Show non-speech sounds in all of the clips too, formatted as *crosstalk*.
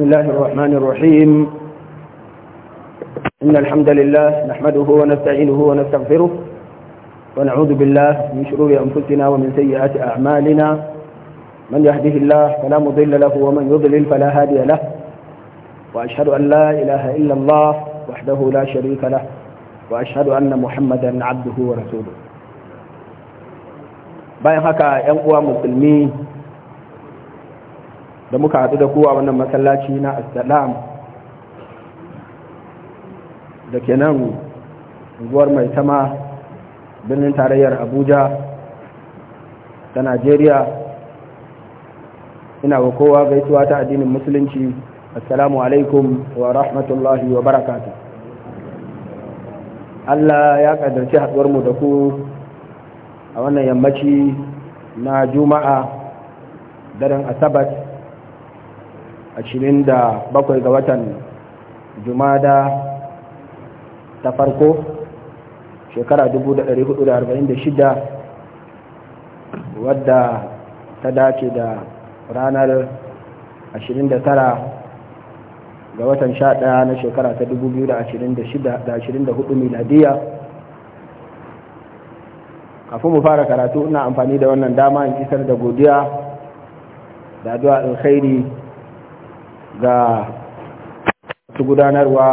بسم الله الرحمن الرحيم إن الحمد لله نحمده ونستعينه ونستغفره ونعوذ بالله من شرور أنفسنا ومن سيئات أعمالنا من يهده الله فلا مضل له ومن يضلل فلا هادي له وأشهد أن لا إله إلا الله وحده لا شريك له وأشهد أن محمدا عبده ورسوله بين هكا ينقوى مسلمين da muka haɗu da kowa wannan masallaci na assalam da ke nan unguwar mai tama birnin tarayyar abuja ta najeriya ina wa kowa gaisuwa ta addinin musulunci assalamu alaikum wa rahmatullahi wa barakatu allah ya ƙaddarci mu da ku a wannan yammaci na juma'a daren asabar ashirin da bakwai ga watan jumada ta farko shekara 1446 wadda ta dace da ranar 29 ga watan 11 na shekara ta 2024 miladiya kafin mu fara karatu ina amfani da wannan dama in isar da godiya da addu'a alkhairi ga su gudanarwa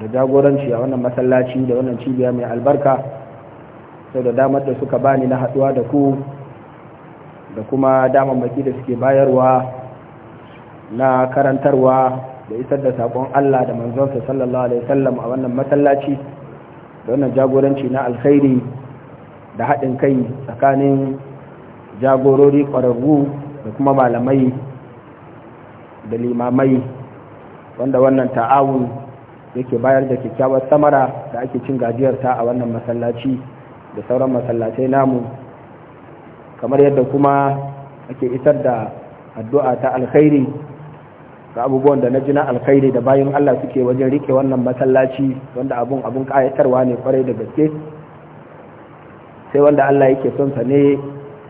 da jagoranci a wannan masallaci da wannan cibiya mai albarka sau da damar da suka bani na haduwa da ku da kuma maki da suke bayarwa na karantarwa da isar da saƙon Allah da manzonsa sallallahu alaihi wasallam a wannan masallaci da wannan jagoranci na alkhairi da haɗin kai tsakanin jagorori ƙwararru da kuma malamai da limamai wanda wannan ta'awun yake bayar da kyakkyawar samara da ake cin gajiyarta a wannan masallaci da sauran masallacai namu kamar yadda kuma ake isar da addu'a ta alkhairi ga abubuwan da na ji na alkhairi da bayan Allah suke wajen rike wannan masallaci wanda abun abun kayatarwa ne kwarai da gaske sai wanda Allah yake son sa ne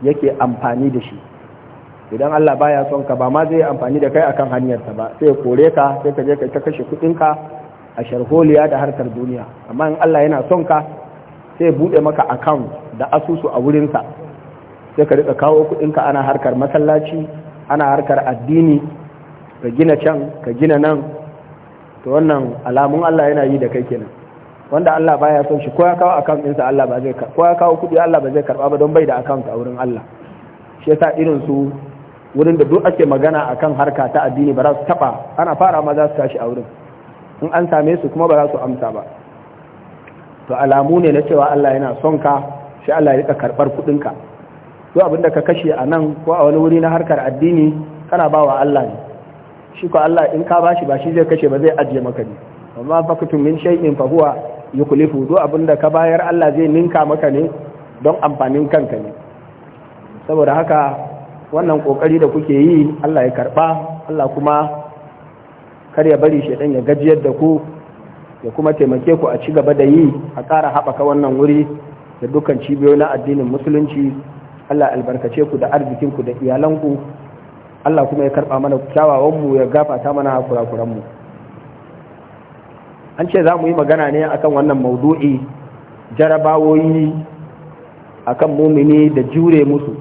yake amfani da shi idan Allah baya son ka ba ma zai yi amfani da kai akan hanyarsa ba sai ya kore ka sai ka je ka ta kashe kuɗinka a sharholiya da harkar duniya amma in Allah yana son ka sai buɗe maka account da asusu a wurinsa sai ka rika kawo kuɗinka ana harkar masallaci ana harkar addini ka gina can ka gina nan to wannan alamun Allah yana yi da kai kenan wanda Allah baya son shi ko ya kawo account ɗinsa Allah ba zai ko ya kawo kuɗi Allah ba zai karba ba don bai da account a wurin Allah shi yasa irin su wurin da duk ake magana a kan harka ta addini ba za su taba ana fara ma za su tashi a wurin in an same su kuma ba za su amsa ba to alamu ne na cewa Allah yana son ka shi Allah ya rika karbar kudin ka to abinda ka kashe a nan ko a wani wuri na harkar addini kana bawa Allah ne shi ko Allah in ka bashi ba shi zai kashe ba zai ajiye maka ne amma fakatum min shay'in fa huwa yukhlifu abin da ka bayar Allah zai ninka maka ne don amfanin kanka ne saboda haka wannan kokari da kuke yi Allah ya karba Allah kuma kar ya bari shedan ya gajiyar da ku ya kuma taimake ku a ci gaba da yi a ƙara haɓaka wannan wuri da dukkan cibiyoyi na addinin musulunci Allah albarkace ku da arzikin ku da iyalanku Allah kuma ya karba mana kyawawan mu ya gafata mana kurakuran mu an ce za mu yi magana ne akan wannan maudu'i jarabawoyi akan mumini da jure musu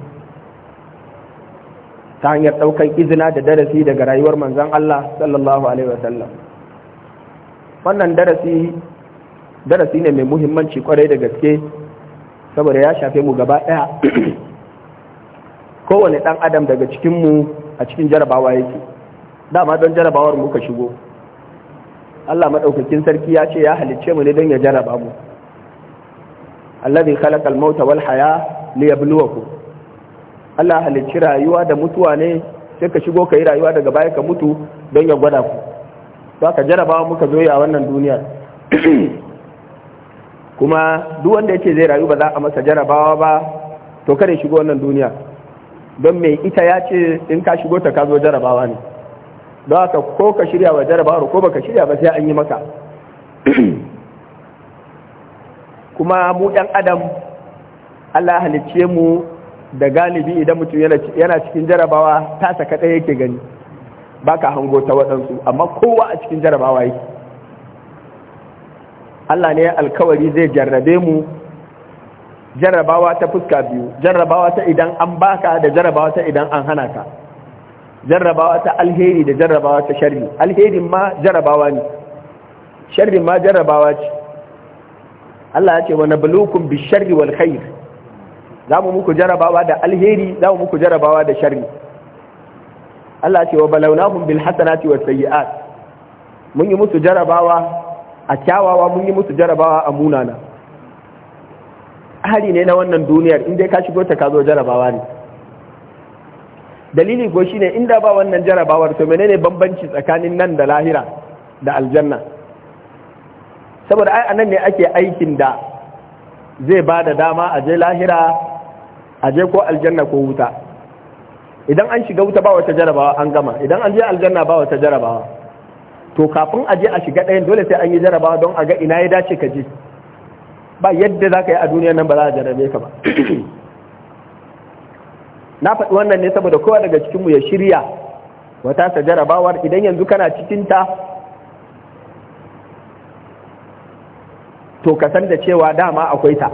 ta hanyar ɗaukar izina da darasi daga rayuwar manzan Allah sallallahu alaihi wasallam wannan darasi darasi ne mai muhimmanci kwarai da gaske saboda ya shafe mu gaba ɗaya *clears throat* kowane ɗan adam daga cikinmu a cikin jarabawa yake dama don jarabawar muka shigo Allah maɗaukakin sarki ya ce ya halicce mu ne don ya jaraba mu Allah khalaqa al-mauta wal haya liyabluwakum Allah halicci rayuwa da mutuwa ne sai ka shigo ka yi rayuwa daga baya ka mutu don ya gwada ku ba ka jarabawa muka zo a wannan duniyar *clears throat* kuma duk wanda yake zai rayu ba za a masa jarabawa ba to kare shigo wannan duniya don mai ita ya ce in ka shigo ta ka zo jarabawa ne don haka ko ka shirya wa jarabawar ko baka shirya ba sai an yi maka *clears throat* kuma mu ɗan adam Allah halicce mu da galibi idan mutum yana cikin jarabawa ta saka ɗaya yake gani ba ka hango ta waɗansu amma kowa a cikin jarabawa yake Allah ne alkawari zai jarrabe mu jarrabawa ta fuska biyu jarrabawa ta idan an baka da jarrabawa ta idan an hana ka jarrabawa ta alheri da jarrabawa ta sharri alherin ma jarrabawa ne sharrin ma jarrabawa ce Allah ya ce wa nabluukum sharri wal khair za mu muku jarabawa da alheri za mu muku jarabawa da sharri Allah ce wa balawnahum bil hasanati was sayyi'at mun yi musu jarabawa a kyawawa mun yi musu jarabawa a munana hari ne na wannan duniyar in dai ka shigo ta ka zo jarabawa ne dalili ko shine inda ba wannan jarabawar to menene bambanci tsakanin nan da lahira da aljanna saboda ai anan ne ake aikin da zai ba da dama a je lahira Aje ko aljanna ko wuta idan an shiga wuta ba wata jarabawa an gama idan an je aljanna ba wata jarabawa to kafin a je a shiga dayan dole sai an yi jarabawa don a ga ina ya dace ka je ba yadda za ka yi a duniyar nan ba za a jarabe ka ba *clears throat* na faɗi wannan ne saboda kowa daga cikinmu ya shirya wata ta jarabawar idan yanzu kana cikin ta to ka san da cewa dama akwai ta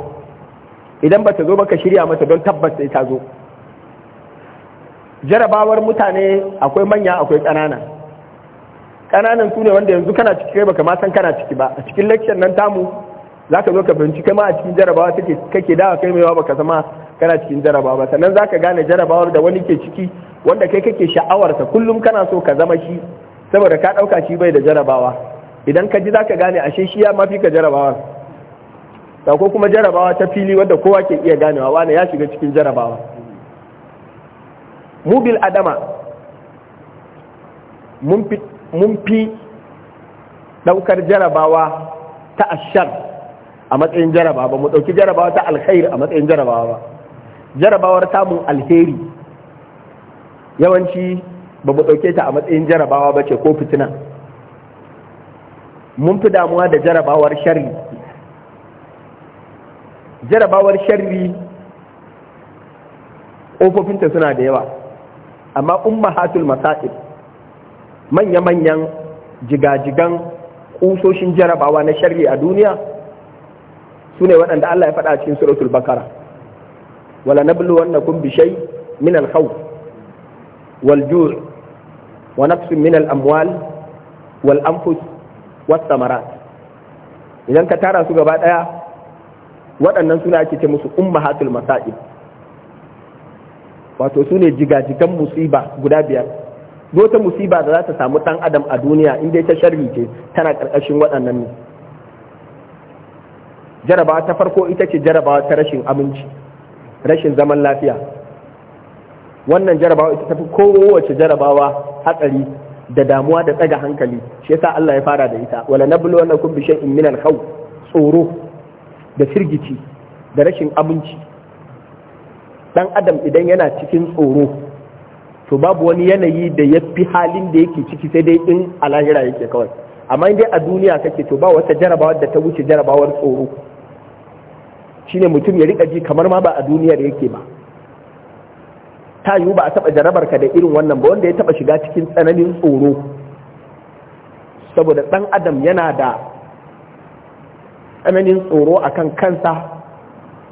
idan ba ta zo ba ka shirya mata don tabbas sai ta zo jarabawar mutane akwai manya akwai ƙanana ƙananan su ne wanda yanzu kana ciki baka ma san kana ciki ba a cikin lecture nan tamu za ka zo ka binci kai ma a cikin jarabawa take kake dawa kai mai baka zama kana cikin jarabawa ba sannan za ka gane jarabawar da wani ke ciki wanda kai kake sha'awarsa kullum kana so ka zama shi saboda ka ɗauka shi bai da jarabawa idan ka ji za ka gane ashe shi ya mafi ka jarabawa da ko kuma jarabawa ta fili wadda kowa ke iya ganewa wani ya shiga cikin jarabawa mu bil adama mun fi daukar jarabawa ta ashar a matsayin jarabawa ba mu dauki jarabawa ta alkhair a matsayin jarabawa ba jarabawar samun alheri yawanci ba mu dauke ta a matsayin jarabawa ba ce ko fitina mun fi damuwa da jarabawar sharri jarabawar sharri ƙofofinta suna da yawa amma umma hatul masa'ib manya-manyan jigajigan ƙusoshin jarabawa na sharri a duniya su ne waɗanda Allah ya faɗa cikin suratul bakara wala na bi shay min al wal ju' wa nafsin min al'amwal amwal wal anfus idan ka tara su gaba ɗaya waɗannan suna ake ce musu Umma ummahatul Masa'il. wato sune ne jigajigan musiba guda biyar dota musiba da za ta samu ɗan adam a duniya inda ta sharri ce tana ƙarƙashin waɗannan ne jarabawa ta farko ita ce jarabawa ta rashin aminci rashin zaman lafiya wannan jarabawa ita tafi kowace jarabawa hatsari da damuwa da tsaga hankali shi yasa Allah ya fara da ita wala nablu wa bi shay'in min al-khawf tsoro da firgici da rashin abinci dan adam idan yana cikin tsoro to babu wani yanayi da ya fi halin da yake ciki sai dai in a lahira yake kawai amma dai a duniya kake to ba wata jarabawar da ta wuce jarabawar tsoro shine mutum ya rika ji kamar ma ba a duniyar yake ba ta yiwu ba a taba jarabar ka da irin wannan ba wanda ya taba shiga cikin tsananin tsoro saboda dan adam yana da tsananin tsoro akan kansa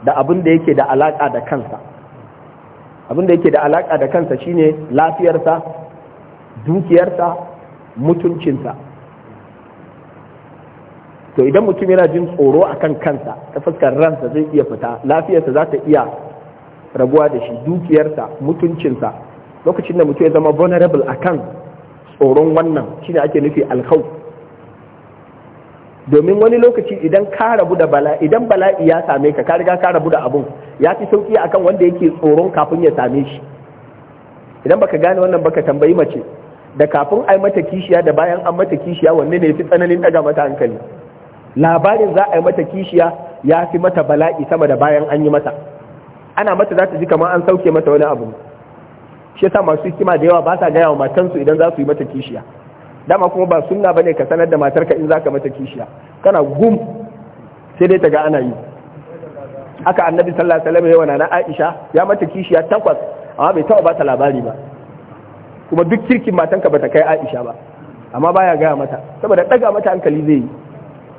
da abin da yake da alaƙa da kansa abin da yake da alaƙa da kansa shine lafiyarsa dukiyarsa mutuncinsa to idan mutum yana jin tsoro a kan kansa ta fuskar ransa zai iya fita lafiyarsa za ta iya rabuwa da shi dukiyarsa mutuncinsa lokacin da mutum ya zama vulnerable a kan tsoron wannan shine ake nufi alkhawf domin wani lokaci idan ka rabu da bala idan bala'i ya same ka ka riga ka rabu da abun ya fi sauki akan wanda yake tsoron kafin ya same shi idan baka gane wannan baka tambayi mace da kafin ai mata kishiya da bayan an mata kishiya wanne ne fi tsananin daga mata hankali labarin za a yi mata kishiya ya fi mata bala'i sama da bayan an yi mata ana mata za ta ji kamar an sauke mata wani abu shi yasa masu hikima da yawa ba sa gaya wa matansu idan za su yi mata kishiya dama kuma ba sunna bane ka sanar da matarka in zaka mata kishiya kana gum sai dai ta ga ana yi haka annabi sallallahu alaihi wasallam yawa na Aisha ya mata kishiya takwas amma bai taɓa bata labari ba kuma duk kirkin matanka bata kai Aisha ba amma baya gaya mata saboda daga mata hankali zai yi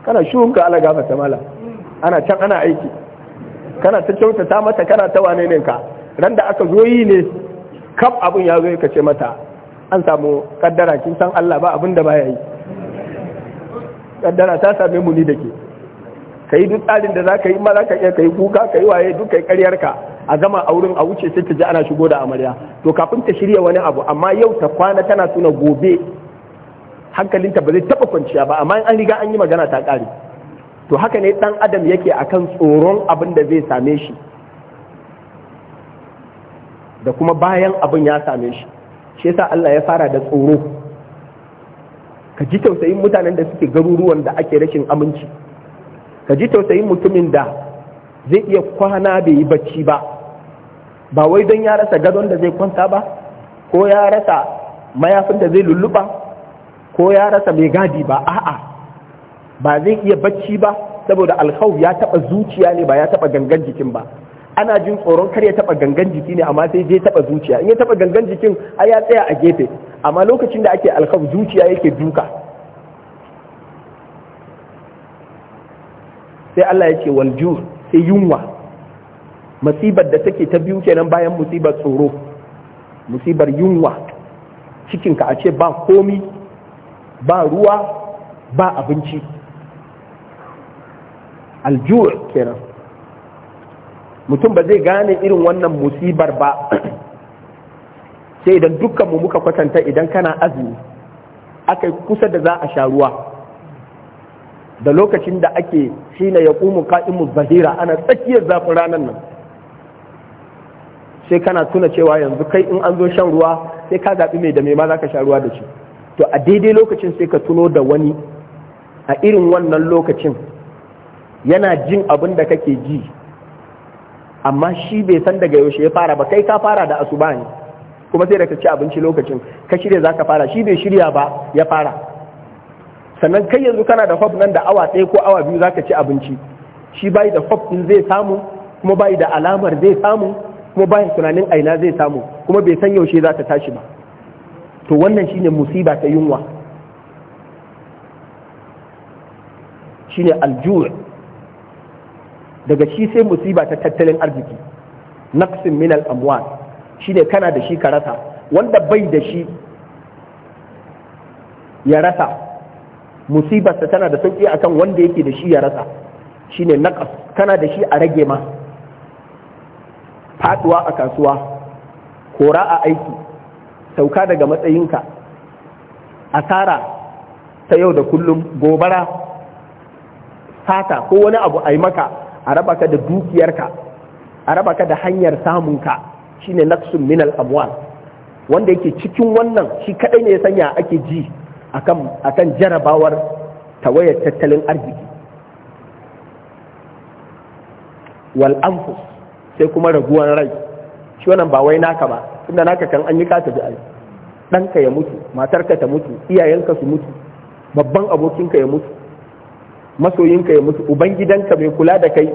kana shuhun ka alaga gafa samala ana can ana aiki kana ta kyautata mata kana ta wane ne ka ran da aka zo yi ne kaf abin ya zo ka ce mata an samu kaddara kin san Allah ba abin da baya yi kaddara ta same mu ni da ke kai duk tsarin da zaka yi ma zaka iya kai kuka kai waye duk kai ƙaryar ka a gama wurin a wuce sai ta ji ana shigo da amarya to kafin ta shirya wani abu amma yau ta kwana tana suna gobe hankalinta ba zai taba kwanciya ba amma an riga an yi magana ta ƙare to haka ne dan adam yake akan tsoron abin da zai same shi da kuma bayan abin ya same shi shi yasa Allah ya fara da tsoro ka ji tausayin mutanen da suke garuruwan da ake rashin aminci ka ji tausayin mutumin da zai iya kwana bai yi bacci ba ba wai don ya rasa gadon da zai kwanta ba ko ya rasa mayafin da zai lulluɓa ko ya rasa mai gadi ba a'a ba zai iya bacci ba saboda alkhawf ya taɓa zuciya ne ba ya taɓa gangan jikin ba ana jin tsoron kar ya taba gangan jiki ne amma sai je taba zuciya in ya taba gangan jikin a ya tsaya a gefe amma lokacin da ake alkhaf zuciya yake duka sai Allah ya ce wal sai yunwa musibar da take ta biyu kenan bayan musibar tsoro musibar yunwa cikinka a ce ba komi ba ruwa ba abinci aljur kenan mutum ba zai gane irin wannan musibar ba sai idan dukkanmu muka kwatanta idan kana azumi aka kusa da za a sha ruwa da lokacin da ake shine ya ƙumu ka'imu zahira ana tsakiyar zafin ranar nan sai kana tuna cewa yanzu kai in an zo shan ruwa sai ka zaɓi mai da mai ma za ka sha ruwa da shi to a daidai lokacin sai ka tuno da wani a irin wannan lokacin yana jin abin da kake ji amma shi bai san daga yaushe ya fara ba kai ka fara da asuba ne kuma sai da ka ci abinci lokacin ka shirya za ka fara shi bai shirya ba ya fara sannan kai yanzu kana da hof nan da awa ɗaya ko awa biyu za ka ci abinci shi bai da hof din zai samu kuma bai da alamar zai samu kuma bai tunanin aina zai samu kuma bai san yaushe za ta tashi ba to wannan shine musiba ta yunwa shine aljur daga shi sai musiba ta tattalin arziki naqsin min al amwal shine kana da shi ka rasa wanda bai da shi ya rasa ta tana da sauki akan wanda yake da shi ya rasa shine naqas kana da shi a rage ma faduwa a kasuwa kora a aiki sauka daga matsayinka asara ta yau da kullum gobara fata ko wani abu a maka a raba ka da dukiyarka a raba ka da hanyar samunka shine naqsun min al amwal wanda yake cikin wannan shi kaɗai ne ya sanya ake ji a kan jarabawar tawayar tattalin arziki Wal'amfu sai kuma raguwar rai shi wannan ba wai naka ba inda naka kan an yi kata da ai ɗanka ya mutu matarka ta mutu iyayenka su mutu babban abokinka ya mutu masoyinka ya mutu ubangidanka mai kula da kai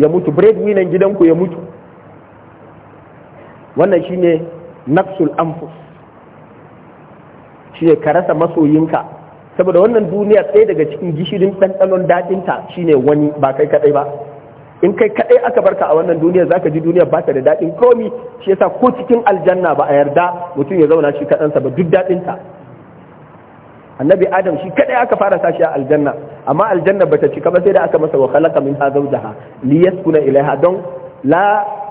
ya mutu breadwinner gidanku ya mutu wannan shine nafsul anfus shine ka rasa masoyinka saboda wannan duniya tsaye daga cikin gishirin ɗanɗanon daɗinta shine wani ba kai kaɗai ba in kai kaɗai aka barka a wannan duniya zaka ji duniya ba ta da daɗin komi shi yasa ko cikin aljanna ba a yarda mutum ya zauna shi kaɗansa ba duk daɗinta annabi adam shi kadai aka fara sashi a aljanna amma aljanna bata cika ba sai da aka masa wa khalaqa minha zawjaha liyaskuna ilaiha don la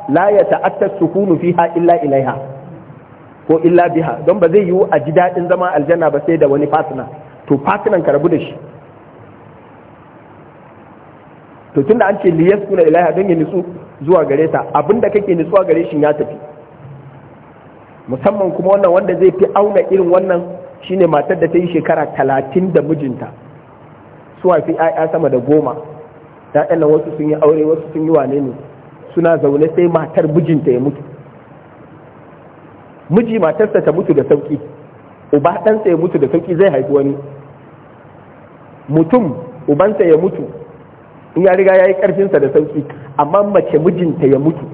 la yata'atta sukunu fiha illa ilaiha ko illa biha don ba zai yiwu a ji dadin zama aljanna ba sai da wani fasina, to fasinan ka rabu da shi to tunda an ce liyaskuna ilaiha don ya nitsu zuwa gare ta abinda kake nitsuwa gare shi ya tafi musamman kuma wannan wanda zai fi auna irin wannan shine matar da ta yi shekara talatin da mijinta su haifi ya'ya sama da goma ya'yan nan wasu sun yi aure wasu sun yi wane ne suna zaune sai matar mijinta ya mutu miji matarsa ta mutu da sauki uba ɗansa ya mutu da sauki zai haifi wani mutum ubansa ya mutu in ya riga ya yi ƙarfinsa da sauki amma mace mijinta ya mutu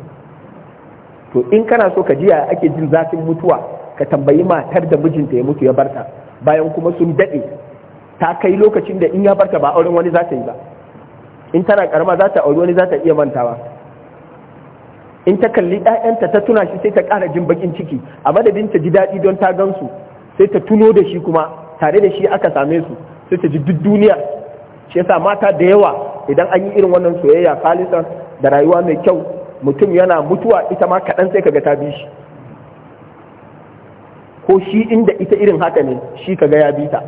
to in kana so ka jiya ake jin zafin mutuwa ka tambayi matar da mijinta ya mutu ya barta bayan kuma sun daɗe ta kai lokacin da in ya barta ba auren wani za ta yi ba in tana karama za ta auri wani za ta iya mantawa in ta kalli ɗayanta ta tuna shi sai ta ƙara jin bakin ciki a madadin ta ji daɗi don ta gan su, sai ta tuno da shi kuma tare da shi aka same su sai ta ji duk duniya shi yasa mata da yawa idan an yi irin wannan soyayya kalisan da rayuwa mai kyau mutum yana mutuwa ita ma kaɗan sai kaga ta bi shi ko shi inda ita irin haka ne shi kaga ya bita.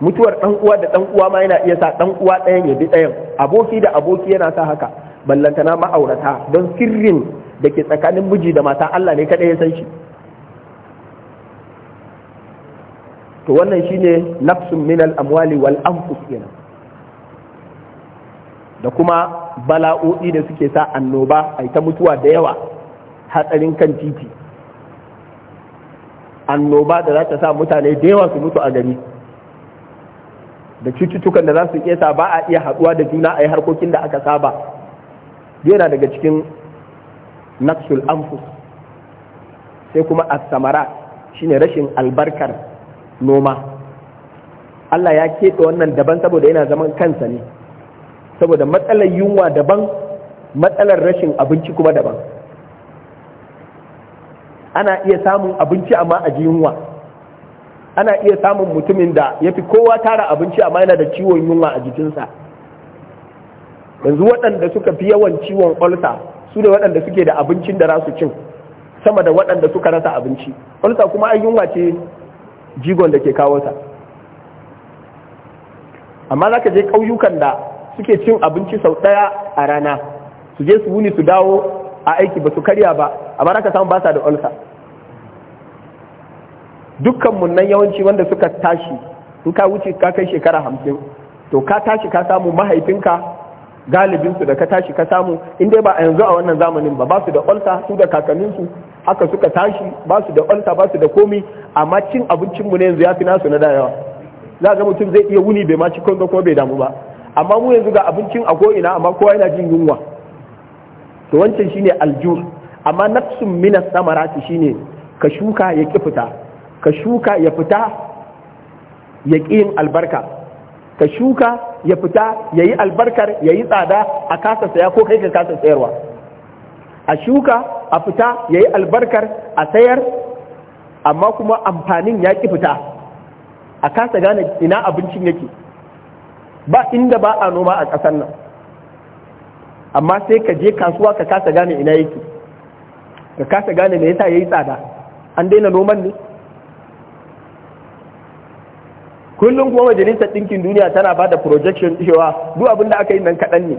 mutuwar dan uwa da ɗan uwa ma yana iya sa ɗan uwa ɗayan ya bi ɗayan aboki da aboki yana sa haka ballantana ma'aurata don sirrin da ke tsakanin miji da mata Allah ne kaɗai ya san shi to wannan shine nafsun minal amwali wal anfus kenan da kuma bala'o'i da suke sa annoba ai ta mutuwa da yawa hatsarin kan titi annoba da za ta sa mutane da yawa su mutu a gari da cututtukan da za su kesa ba a iya haɗuwa da juna a yi harkokin da aka saba yana daga cikin naksul anfus sai kuma a asamara shine rashin albarkar noma Allah ya keɓe wannan daban saboda yana zaman kansa ne saboda matsalar yunwa daban matsalar rashin abinci kuma daban ana iya samun abinci amma a ji yunwa ana iya samun mutumin da ya fi kowa tara abinci amma yana da ciwon yunwa a jikinsa yanzu waɗanda suka fi yawan ciwon olsa su ne waɗanda suke da abincin da rasu cin sama da waɗanda suka rasa abinci olsa kuma an yunwa ce jigon da ke kawo ta amma za ka je ƙauyukan da suke cin abinci sau ɗaya a rana su je su wuni su dawo a aiki ba su karya ba a bara ka samu ba sa da ulsa dukkan mun yawanci wanda suka tashi in ka wuce ka kai shekara hamsin to ka tashi ka samu mahaifinka galibinsu da ka tashi ka samu in dai ba a yanzu a wannan zamanin ba ba su da ulsa su da kakanninsu haka suka tashi ba su da ulsa ba su da komi amma cin abincinmu ne yanzu ya fi nasu na dayawa. za ga mutum zai iya wuni bai ma ci kuma bai damu ba amma mu yanzu ga abincin a ko ina, amma kowa yana jin yunwa to wancan shine aljur amma nafsun minas samarati shine ka shuka ya ka shuka ya fita ya ƙi albarka ka shuka ya fita ya yi albarkar ya yi tsada a kasa saya ko kai ka kasa sayarwa a shuka a fita ya yi albarkar a sayar amma kuma amfanin ya ƙi fita a kasa gane ina abincin yake ba inda ba a noma a ƙasar nan amma sai ka je kasuwa ka kasa gane ina yake ka kasa gane me yasa yayi tsada an daina noman ne kullum kuma majalisar ɗinkin duniya tana ba da projection cewa duk abin da aka yi nan kaɗan ne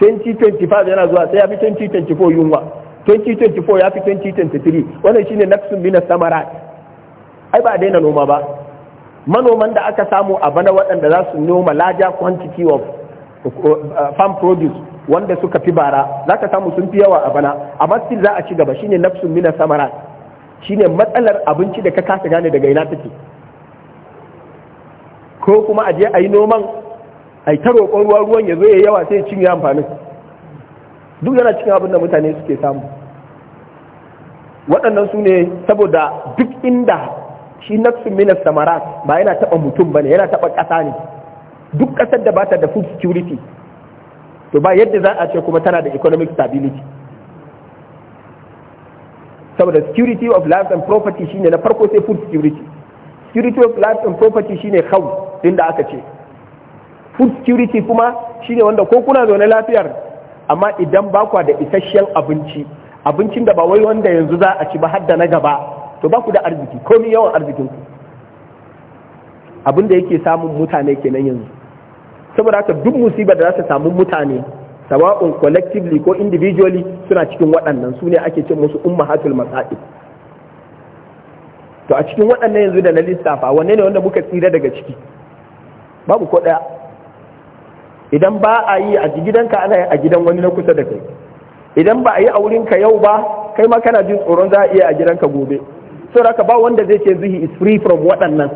2025 yana zuwa sai ya fi 2024 yunwa 2024 ya fi 2023 wannan shine nafsun minas samarat ai ba daina noma ba manoman da aka samu a bana waɗanda za su noma laja quantity of farm produce wanda suka fi bara za ka samu sun fi yawa a bana amma still za a ci gaba shine nafsun mina samara shine matsalar abinci da ka kasa gane daga ina take ko kuma a je a yi noman a yi roƙon ruwa ruwan ya zo ya yawa sai ya cinye amfanin duk yana cikin abin da mutane suke samu waɗannan su ne saboda duk inda shi nafsun mina samara ba yana taɓa mutum ba ne yana taɓa ƙasa ne duk ƙasar da bata da food security to ba yadda za a ce kuma tana da economic stability saboda security of life and property shine na farko sai food security security of life and property shine hau din da aka ce food security kuma shine wanda ko kuna zaune lafiyar amma idan ba kwa da isasshen abinci abincin da ba wai wanda yanzu za a ci ba har da na gaba to ba ku da arziki komi yawan arzikin ku abin da yake samun mutane kenan yanzu saboda haka duk musibar da za ta samu mutane sawa'un collectively ko individually suna cikin waɗannan su ne ake cin musu hatul masa'ib to a cikin waɗannan yanzu da na lissafa wanne ne wanda muka tsira daga ciki babu ko ɗaya idan ba a yi a gidanka ana yi a gidan wani na kusa da kai idan ba a yi a wurin ka yau ba kai ma kana jin tsoron za a iya a gidanka gobe saboda haka ba wanda zai ce zuhi is free from waɗannan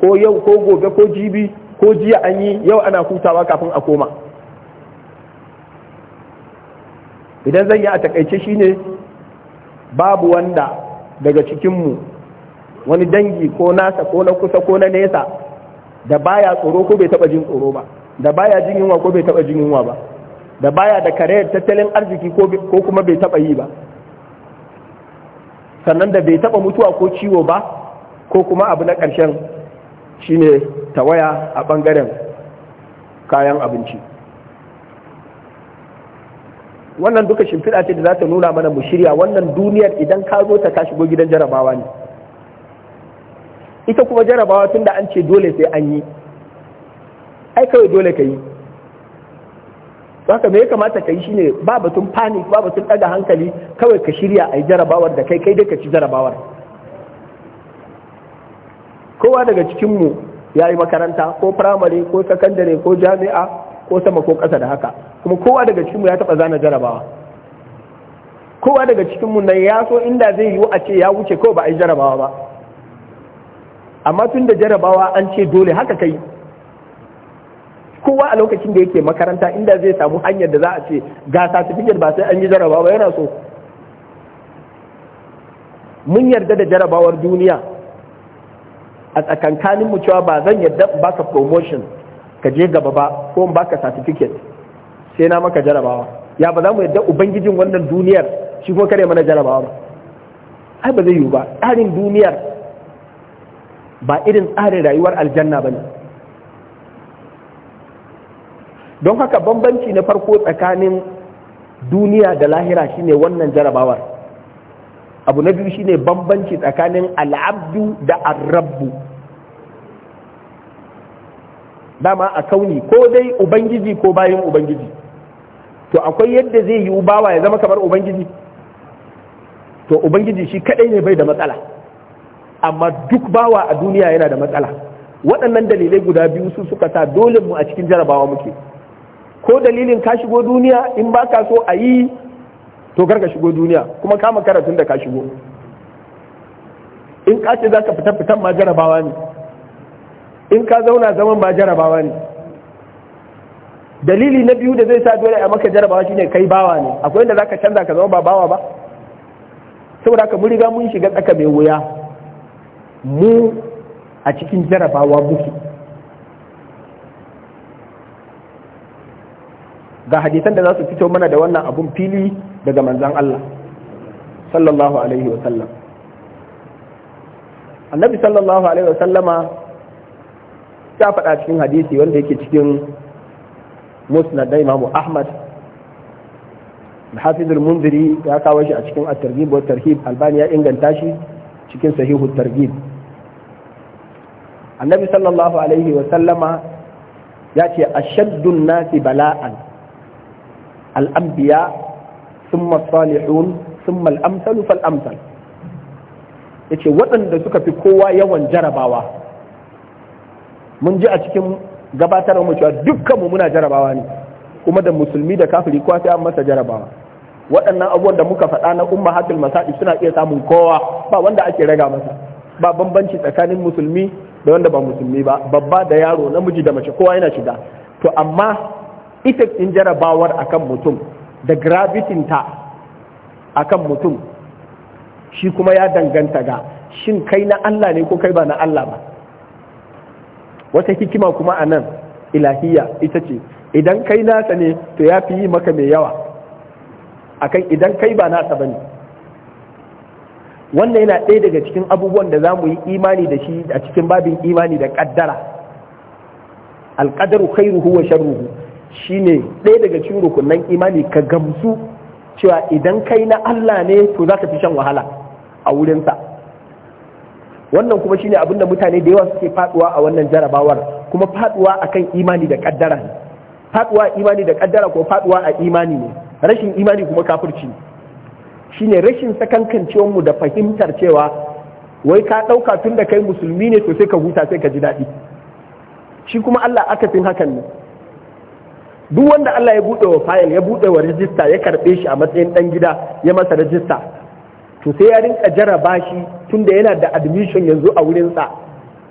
ko yau ko gobe ko jibi ko jiya an yi yau ana hutawa kafin a koma idan zan yi a takaice shine babu wanda daga cikinmu wani dangi ko nasa ko na kusa ko na nesa da baya tsoro ko bai taba jin tsoro ba da baya jin yunwa ko bai taba jin yunwa ba da baya da kare tattalin arziki ko kuma bai taba yi ba sannan da bai taba mutuwa ko ciwo ba ko kuma abu na ƙarshen shine tawaya a ɓangaren kayan abinci wannan duka shimfiɗa ce da za ta nuna mana mu shirya wannan duniyar idan ka zo ta ka shigo gidan jarabawa ne ita kuma jarabawa tun da an ce dole sai an yi ai kawai dole ka yi haka me ya kamata ka yi shine ba batun panic ba batun ɗaga hankali kawai ka shirya a yi jarabawar da kai kai dai ka ci jarabawar kowa daga cikinmu ya yi makaranta ko firamare ko sakandare ko jami'a ko sama ko ƙasa da haka kuma kowa daga cikinmu ya taɓa zana jarabawa kowa daga cikinmu nan ya so inda zai yi a ce ya wuce ko ba a yi jarabawa ba amma tun da jarabawa an ce dole haka kai kowa a lokacin da yake makaranta inda zai samu hanyar da za a ce ga certificate ba sai an yi jarabawa yana so mun yarda da jarabawar duniya a tsakankanin mu cewa ba zan yadda ba baka promotion ka je gaba ba ko in baka certificate sai na maka jarabawa ya ba za mu yadda ubangijin wannan duniyar shi ko kare mana jarabawa ba ai ba zai yiwu ba tsarin duniyar ba irin tsarin rayuwar aljanna ba ne don haka bambanci na farko tsakanin duniya da lahira shine wannan jarabawar abu na biyu shine bambanci tsakanin al'abdu da arrabbu dama a kauni ko dai ubangiji ko bayan ubangiji to akwai yadda zai yi ubawa ya zama kamar ubangiji to ubangiji shi kadai ne bai da matsala amma duk bawa a duniya yana da matsala waɗannan dalilai guda biyu su suka sa dole mu a cikin jarabawa muke ko dalilin ka shigo duniya in baka so a yi to kar ka shigo duniya kuma kama karatun da ka shigo in ka ce za ka fita fitan ma jarabawa ne in ka zauna zaman ma jarabawa ne dalili na biyu da zai sa dole a maka jarabawa shine kai bawa ne akwai inda za ka canza ka zama ba bawa ba saboda haka mun riga mun shiga tsaka mai wuya mu a cikin jarabawa muke ga hadisan da za su fito mana da wannan abun fili daga manzan Allah sallallahu alaihi wa sallam annabi sallallahu alaihi wa sallama ta faɗa cikin hadisi wanda yake cikin musnad da imamu ahmad hafiz al-munziri ya kawo shi a cikin at-targhib wa tarhib albani ya inganta shi cikin sahihu targhib annabi sallallahu alaihi wa sallama ya ce ashaddun nasi bala'an al-anbiya ثم الصالحون ثم al-amsalu yace waɗanda suka fi kowa yawan jarabawa mun ji a cikin gabatar mu cewa dukkan mu muna jarabawa ne kuma da musulmi da kafiri kowa sai an masa jarabawa waɗannan abubuwan da muka faɗa na umma ummahatul masadi suna iya samun kowa ba wanda ake raga masa ba bambanci tsakanin musulmi da wanda ba musulmi ba babba da yaro namiji da mace kowa yana shiga to amma ita in jarabawar akan mutum da gravitinta a kan mutum shi kuma ya danganta ga shin kai na Allah ne ko kai ba na Allah ba wata hikima kuma a nan ilahiya ita ce idan kai nasa ne to ya fi yi maka mai yawa akan idan kai ba nasa ba ne wannan yana ɗaya daga cikin abubuwan da za mu yi imani da shi a cikin babin imani da ƙaddara alƙadaru ruhu, wa sharruhu Shi ne ɗaya daga cikin rukunan imani ka gamsu cewa idan kai na Allah ne to za ka fi shan wahala a wurinsa wannan kuma shine abin da mutane da yawa suke faduwa a wannan jarabawar kuma faduwa akan imani da kaddara ne faduwa imani da kaddara ko faduwa a imani ne rashin imani kuma kafirci ne rashin sakankancewar mu da fahimtar cewa wai ka ɗauka tun da kai musulmi ne to sai ka huta sai ka ji daɗi shi kuma Allah akasin hakan ne duk wanda Allah ya buɗe wa fayil ya buɗe wa rijista ya karɓe shi a matsayin ɗan gida ya masa rijista to sai ya rinka jaraba shi tunda yana da admission yanzu a wurinsa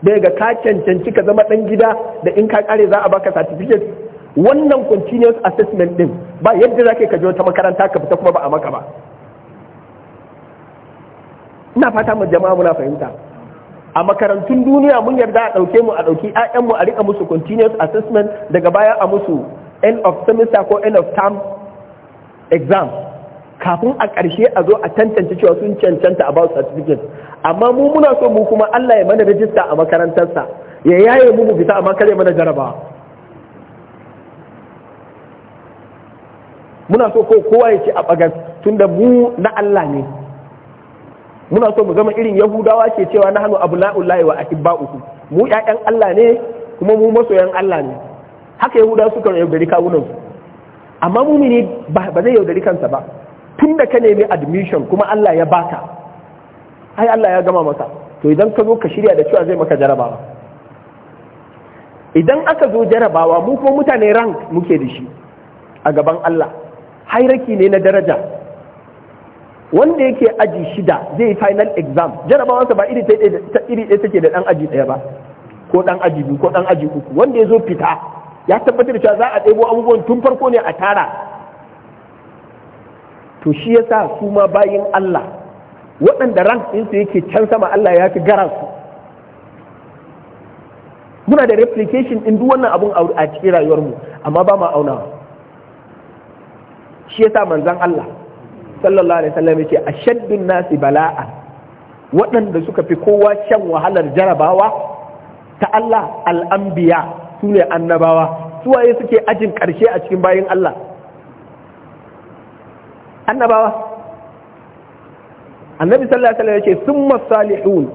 daga ga ka cancanci ka zama ɗan gida da in ka kare za a baka certificate wannan continuous assessment ɗin ba yadda za ka je wata makaranta ka fita kuma ba a maka ba ina fata mu jama'a muna fahimta a makarantun duniya mun yarda a ɗauke mu a ɗauki 'ya'yanmu a rika musu continuous assessment daga baya a musu end of semester ko end of term exam kafin a ƙarshe a zo a tantance cewa sun cancanta about certificate amma mu muna so mu kuma Allah ya mana rajista a makarantarsa ya yaye mu mu fita amma kare mana jarabawa muna so ko kowa ya ce a bagas tunda mu na Allah ne muna so mu zama irin yahudawa ke cewa na hannu abu la'ullahi wa ahibba'uhu mu 'ya'yan Allah ne kuma mu masoyan Allah ne haka yahudawa suka yaudari kawunansu amma mumini ba zai yaudari kansa ba tun da ka nemi admission kuma Allah ya baka ai Allah ya gama masa to idan ka zo ka shirya da cewa zai maka jarabawa idan aka zo jarabawa mu kuma mutane rank muke da shi a gaban Allah hairaki ne na daraja wanda yake aji shida zai yi final exam jarabawansa ba iri ɗaya take da ɗan aji ɗaya ba ko ɗan aji biyu ko ɗan aji uku wanda ya zo fita ya tabbatar cewa za a ɗebo abubuwan tun farko ne a tara to shi sa su ma bayin Allah waɗanda rank ɗinsu yake can sama Allah ya fi gara su muna da replication ɗin duk wannan abun a cikin rayuwarmu amma ba ma aunawa shi ya sa manzan Allah sallallahu alaihi wasallam yake ashaddun nasi bala'a waɗanda suka fi kowa shan wahalar jarabawa ta Allah al'ambiya su ne annabawa suwaye suke ajin ƙarshe a cikin bayin Allah annabawa annabi sallallahu alaihi wasallam yake summa salihun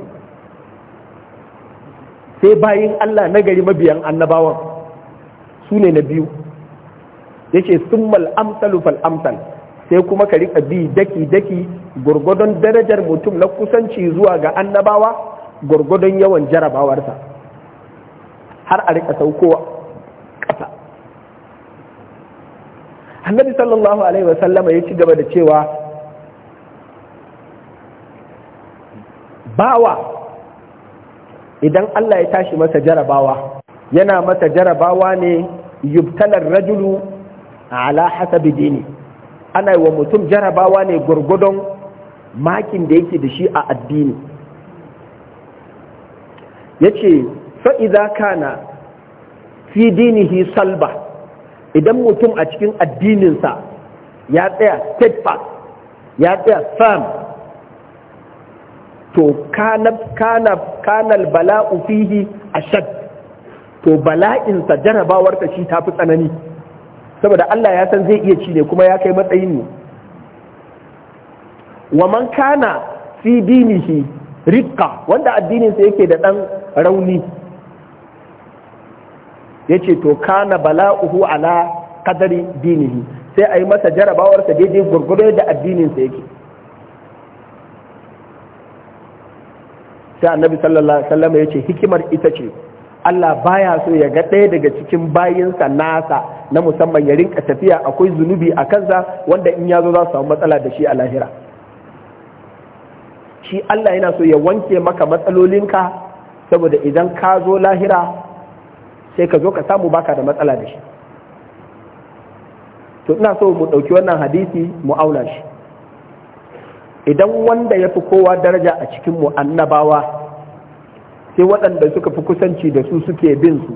sai bayin Allah na gari mabiyan annabawan su ne na biyu yace summal amsalu fal amsal sai kuma ka rika bi daki daki gurgudun darajar mutum na kusanci zuwa ga annabawa gurgudun yawan jarabawarsa har a rika saukowa ƙasa annabi sallallahu alaihi wasallama ya ci gaba da cewa bawa idan Allah ya tashi masa jarabawa yana masa jarabawa ne yubtalar rajulu ala hasabi dini ana yi wa mutum jarabawa ne gwargwadon makin da yake da shi a addini ya ce Fa'iza idza kana fi dinihi salba idan mutum a cikin addininsa ya tsaya steadfast ya tsaya firm to kana kana kana bala'u fihi ashad to Bala'insa jarabawarta jarabawar ta shi tafi tsanani saboda Allah ya san zai iya ci ne kuma ya kai matsayin ne wa man kana fi dinihi riqqa wanda addininsa yake da ɗan rauni ya ce to kana bala'uhu ala kadari dinihi sai a yi masa jarabawar sa daidai gurgurdo da addinin sa yake sai annabi sallallahu alaihi wasallam yace hikimar ita ce Allah baya so ya ga ɗaya daga cikin bayinsa nasa na musamman ya rinka tafiya akwai zunubi a kansa wanda in ya zo za su samu matsala da shi a lahira shi Allah yana so ya wanke maka matsalolinka saboda idan ka zo lahira sai ka zo ka samu baka da matsala da shi to ina so mu ɗauki wannan hadisi mu auna shi idan wanda ya fi kowa daraja a cikin mu annabawa sai waɗanda suka fi kusanci da su suke bin su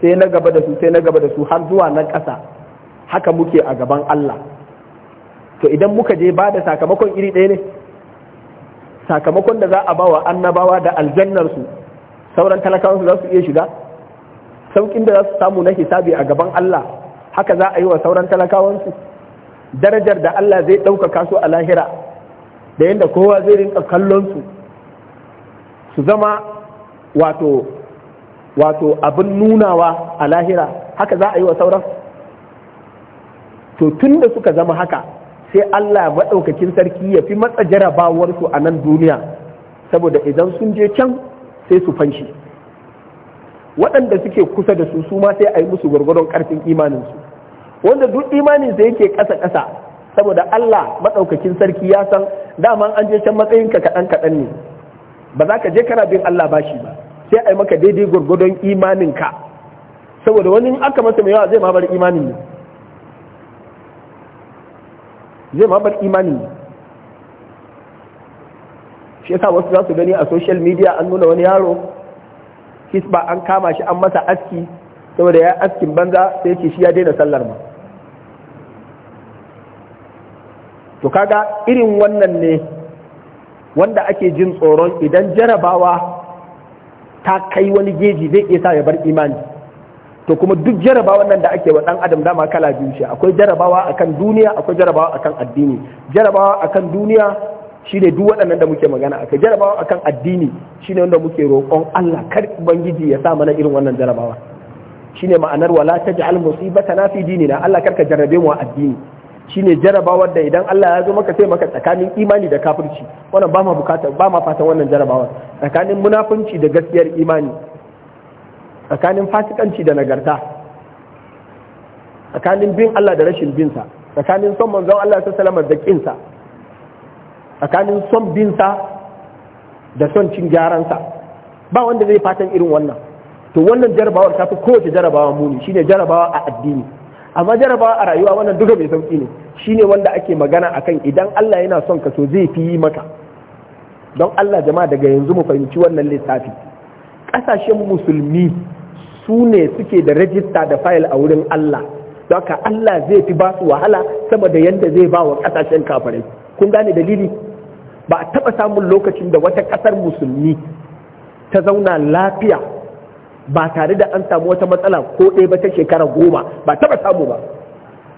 sai na gaba da su sai na gaba da su har zuwa na ƙasa haka muke a gaban Allah to idan muka je ba da sakamakon iri ɗaya ne sakamakon da za a ba wa annabawa da aljannarsu sauran talakawansu za su iya shiga saukin da za su samu na hisabi a gaban Allah haka za a yi wa sauran talakawansu darajar da Allah zai ɗaukaka su a lahira da yadda kowa zai rinka kallonsu su zama wato abin nunawa a lahira haka za a yi wa sauran to tun da suka zama haka sai Allah maɗaukakin sarki ya fi matsa jarabawarsu a nan duniya saboda idan sun je can sai su fanshi. waɗanda suke kusa da su su ma sai a yi musu gwargwadon ƙarfin imaninsu wanda duk imaninsa yake ƙasa ƙasa saboda Allah maɗaukakin sarki ya san dama an je can matsayinka kaɗan kaɗan ne ba za ka je kana bin Allah bashi ba sai a yi maka daidai gwargwadon imaninka saboda wani aka masa mai yawa zai ma bar imanin ne zai ma bar imanin ne shi yasa wasu za su gani a social media an nuna wani yaro hisba an kama shi an masa aski saboda ya askin banza sai ce shi ya daina sallar ma to kaga irin wannan ne wanda ake jin tsoron idan jarabawa ta kai wani geji zai iya sa ya bar imani to kuma duk jarabawa nan da ake wa dan adam dama kala biyu shi akwai jarabawa akan duniya akwai jarabawa akan addini jarabawa akan duniya shi ne duk waɗannan da muke magana aka jarabawa akan addini shi ne wanda muke roƙon Allah kar ubangiji ya sa mana irin wannan jarabawa shi ne ma'anar wala ba ta na fi na Allah kar ka jarrabe mu a addini shi ne jarabawar da idan Allah ya zo maka sai maka tsakanin imani da kafirci wannan ba ma bukata ba ma fatan wannan jarabawa tsakanin munafunci da gaskiyar imani tsakanin fasikanci da nagarta tsakanin bin Allah da rashin binsa tsakanin son manzon Allah sallallahu alaihi wasallam da kinsa tsakanin son binsa da son cin gyaransa ba wanda zai fatan irin wannan to wannan jarabawar ta fi kowace jarabawa muni shine jarabawa a addini amma jarabawa a rayuwa wannan duka mai sauki ne shine wanda ake magana akan idan Allah yana son ka so zai fi yi maka don Allah jama'a daga yanzu mu fahimci wannan littafi. ƙasashen musulmi su ne suke da rajista da fayil a wurin Allah don Allah zai fi ba su wahala sama da yadda zai ba wa ƙasashen kafirai kun gane dalili ba a taɓa samun lokacin da wata ƙasar musulmi ta zauna lafiya ba tare da an samu wata matsala ko ɗaya ba ta shekara goma ba taɓa samu ba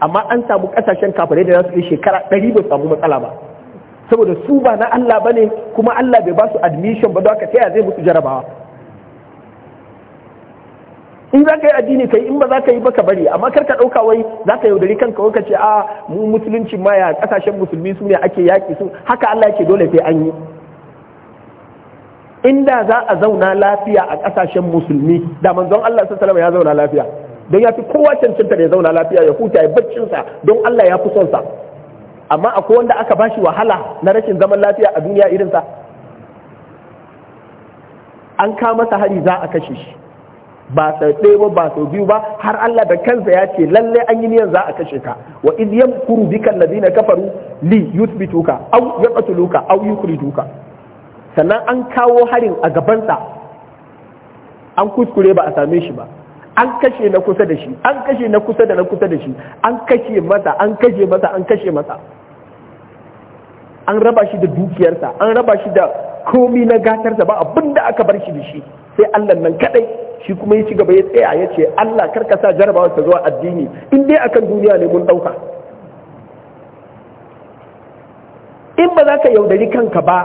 amma an samu ƙasashen kafirai da za su yi shekara ɗari ba samu matsala ba saboda su ba na Allah ba ne kuma Allah bai ba su admission ba don haka ta zai musu jarabawa in za ka yi addini kai in ba za ka yi ba ka bari amma kar ka ɗauka wai za ka yaudari kanka wai ka ce a ah, mu musulunci ma ya ƙasashen musulmi su ne ake yaƙi su haka Allah yake dole sai an yi inda za a zauna lafiya a ƙasashen musulmi da manzon Allah sallallahu ya zauna lafiya don ya fi kowa cancanta da ya zauna lafiya ya huta ya sa don Allah ya fi son sa amma akwai wanda aka bashi wahala na rashin zaman lafiya a duniya irin sa an kama masa hari za a kashe shi ba sau ɗaya ba ba sau biyu ba har Allah da kansa ya ce lalle an yi niyan za a kashe ka wa idh yamkuru bika alladhina kafaru li yuthbituka aw yaqtuluka aw yukriduka sannan an kawo harin a gabansa an kuskure ba a same shi ba an kashe na kusa da shi an kashe na kusa da na kusa da shi an kashe masa an kashe masa an kashe masa an raba shi da dukiyarsa an raba shi da komi na gatarsa ba abinda aka bar shi da shi sai Allah nan kadai shi kuma ya ci gaba ya tsaya ya ce Allah kar ka sa jarabawa ta zuwa addini in dai akan duniya ne mun dauka in ba za ka yaudari kanka ba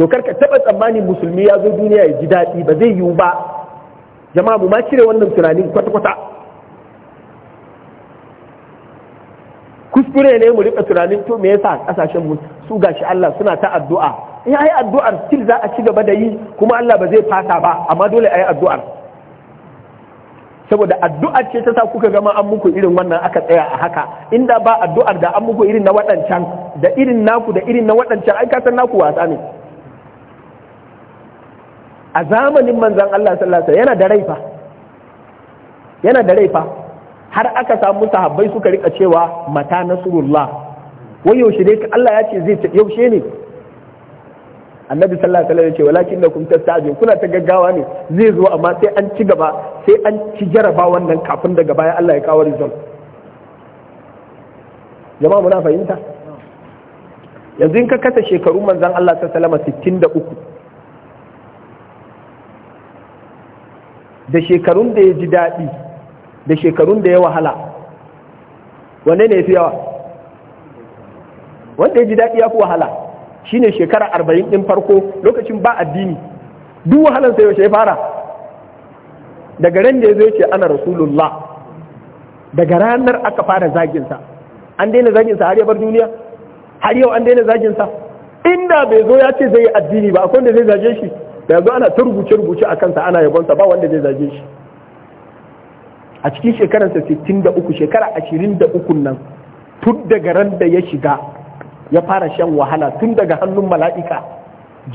to kar ka taba tsammani musulmi ya zo duniya ya ji daɗi ba zai yiwu ba jama'a mu ma cire wannan tunanin kwata-kwata kuskure ne mu rika tunanin to me yasa kasashen mu su gashi Allah suna ta addu'a in ai addu'ar til za a ci gaba da yi kuma Allah ba zai fata ba amma dole ai addu'ar saboda addu'ar ce ta sa kuka gama an muku irin wannan aka tsaya a haka inda ba addu'ar da an muku irin na waɗancan da irin naku da irin na waɗancan ai san naku wasa ne a zamanin manzon Allah sallallahu alaihi yana da rai fa yana da rai fa har aka samu sahabbai suka rika cewa mata nasrullah wai yaushe dai Allah ya ce zai yaushe ne annabi sallallahu alaihi wasallam ya ce walakin da kun tastaji kuna ta gaggawa ne zai zo amma sai an ci gaba sai an ci jaraba wannan kafin daga baya Allah ya kawo result jama'a muna fahimta yanzu in ka kasa shekaru manzon Allah sallallahu alaihi wasallam 63 da shekarun da ya ji daɗi da shekarun da ya wahala wanne ne ya fi yawa wanda ya ji daɗi ya fi wahala ne shekara arba'in ɗin farko lokacin ba addini duk sai yaushe ya fara daga ran da ya zo ce ana rasulullah daga ranar aka fara zaginsa an daina zaginsa har ya bar duniya har yau an daina zaginsa inda bai zo ya ce zai yi addini ba akwai wanda zai zage shi da yanzu ana ta rubuce rubuce a kansa ana yabonsa ba wanda zai zage shi a cikin shekararsa 63 shekara 23 nan tun daga ran da ya shiga ya fara shan wahala tun daga hannun mala'ika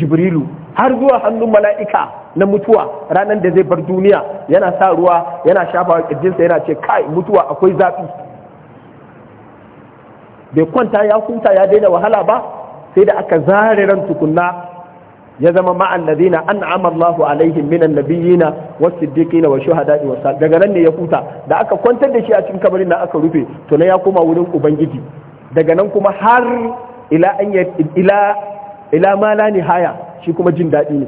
jibrilu har zuwa hannun mala'ika na mutuwa ranar da zai bar duniya yana sa ruwa yana shafawa kirjinsa yana ce kai mutuwa akwai zafi bai kwanta ya huta ya daina wahala ba sai da aka zare ran tukunna ya zama ma'an ladina an'ama Allahu alaihim minan nabiyina was-siddiqina wash-shuhada'i was daga nan ne ya huta da aka kwantar da shi a cikin kabarin nan aka rufe to na ya koma wurin ubangiji daga nan kuma har ila an ila ila ma la nihaya shi kuma jin daɗi ne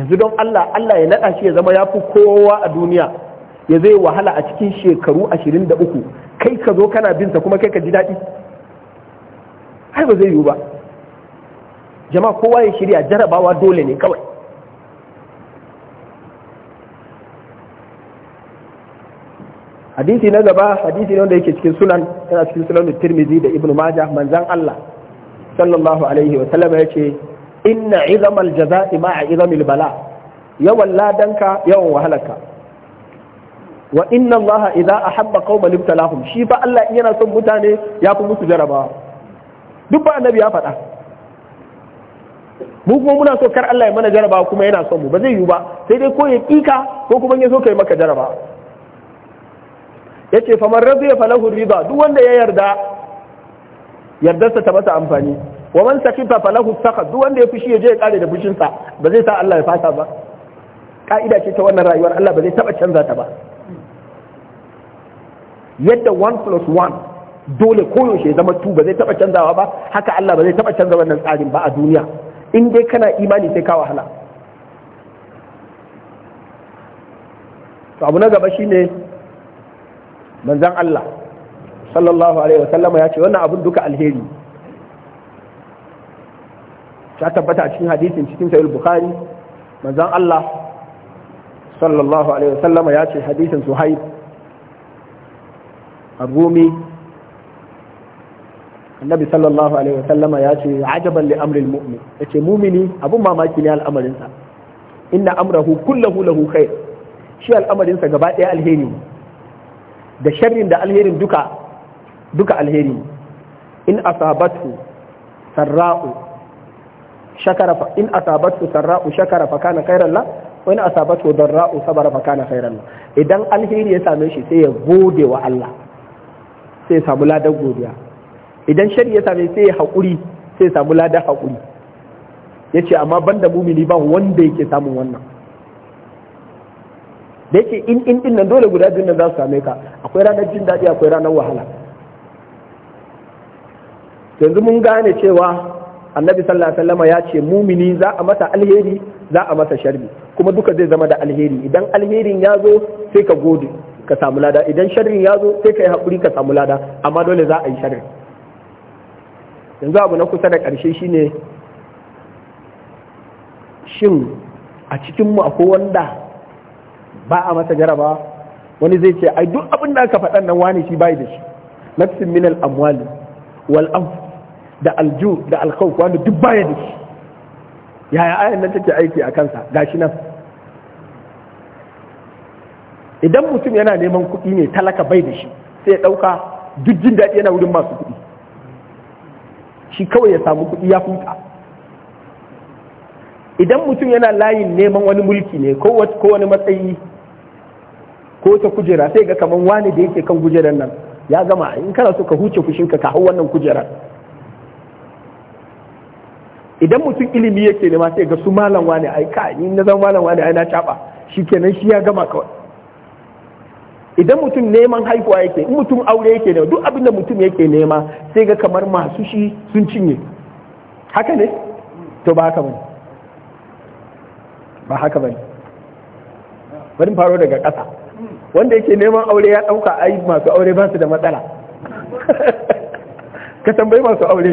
yanzu don Allah Allah ya nada shi ya zama ya fi kowa a duniya ya zai wahala a cikin shekaru 23 kai ka zo kana binsa kuma kai ka ji daɗi har ba zai yiwu ba jama'a kowa ya shirya jarabawa dole ne kawai hadisi na gaba hadisi ne wanda yake cikin sunan yana cikin sunan tirmizi da ibnu majah manzan Allah sallallahu alaihi wa ya yace inna izamal jaza'i ma'a izamil bala yawan ladanka yawan wahalarka wa inna a idza ahabba qauman ibtalahum shi fa Allah yana son mutane ya fi musu jarabawa duk ba annabi ya faɗa mu kuma muna so kar Allah ya mana jaraba kuma yana son mu ba zai yiwu ba sai dai ko ya kika ko kuma ya so kai maka jaraba yace faman radiya falahu riba duk wanda ya yarda yardarsa ta masa amfani wa man sakifa falahu sakat duk wanda ya fushi ya je ya kare da fushinsa ba zai sa Allah ya fasa ba ka'ida ce ta wannan rayuwar Allah ba zai taba canza ta ba yadda 1 plus 1 dole koyaushe ya zama 2 ba zai taba canzawa ba haka Allah ba zai taba canza wannan tsarin ba a duniya in dai kana imani sai ka wahala to abu na gaba shine manzan Allah sallallahu alaihi wasallama ya ce wannan abun duka alheri ta tabbata a cikin hadisin cikin sahih bukhari manzan Allah sallallahu alaihi wasallama ya ce hadisin suhaib ar-rumi annabi sallallahu alaihi wasallama ya ce ajaban li amril mu'min yace mumini abun mamaki ne al'amarin sa inna amrahu kullahu lahu khair shi al'amarin sa gaba ɗaya alheri da sharrin da alherin duka alheri in asabatu sarra'u sarra'u shakara fa kana khairan la wa in asabatu darra'u sabara fa kana khairan la idan alheri ya same shi sai ya gode wa Allah sai ya samu ladan godiya idan shari ya same sai ya haƙuri sai ya samu lada haƙuri ya ce amma banda mumini ba wanda yake samun wannan da yake in in din nan dole guda biyun nan za su same ka akwai ranar jin daɗi akwai ranar wahala yanzu mun gane cewa annabi sallallahu alaihi wasallam ya ce mumini za a masa alheri za a masa sharri kuma duka zai zama da alheri idan alherin ya zo sai ka gode ka samu lada idan sharrin ya zo sai ka yi haƙuri ka samu lada amma dole za a yi sharri yanzu abu na kusa da ƙarshe shine shin a cikinmu akwai wanda ba a masa jaraba wani zai ce ai duk abin da aka faɗan nan wani shi bai da shi nafsin minal amwali wal da alju da alkhawf wani duk baya da shi yaya ayan nan take aiki a kansa gashi nan idan mutum yana neman kuɗi ne talaka bai da shi sai ya ɗauka duk jin daɗi yana wurin masu kuɗi shi kawai ya samu kuɗi ya huta idan mutum yana layin neman wani mulki ne ko wani matsayi ko ta kujera sai ga kamar wani da yake kan kujerar nan ya gama in kana so ka huce fushinka ka hau wannan kujerar idan mutum ilimi yake nema sai ga su malam wani ai ka ni na zama malam wani ai na caba shikenan shi ya gama kawai idan mutum neman haihuwa yake in mutum aure yake ne duk abin da mutum yake nema sai ga kamar masu shi sun cinye haka ne to ba haka bane ba haka bane bari faro daga ƙasa wanda yake neman aure ya ɗauka ai masu aure ba su da matsala *laughs* ka tambayi masu aure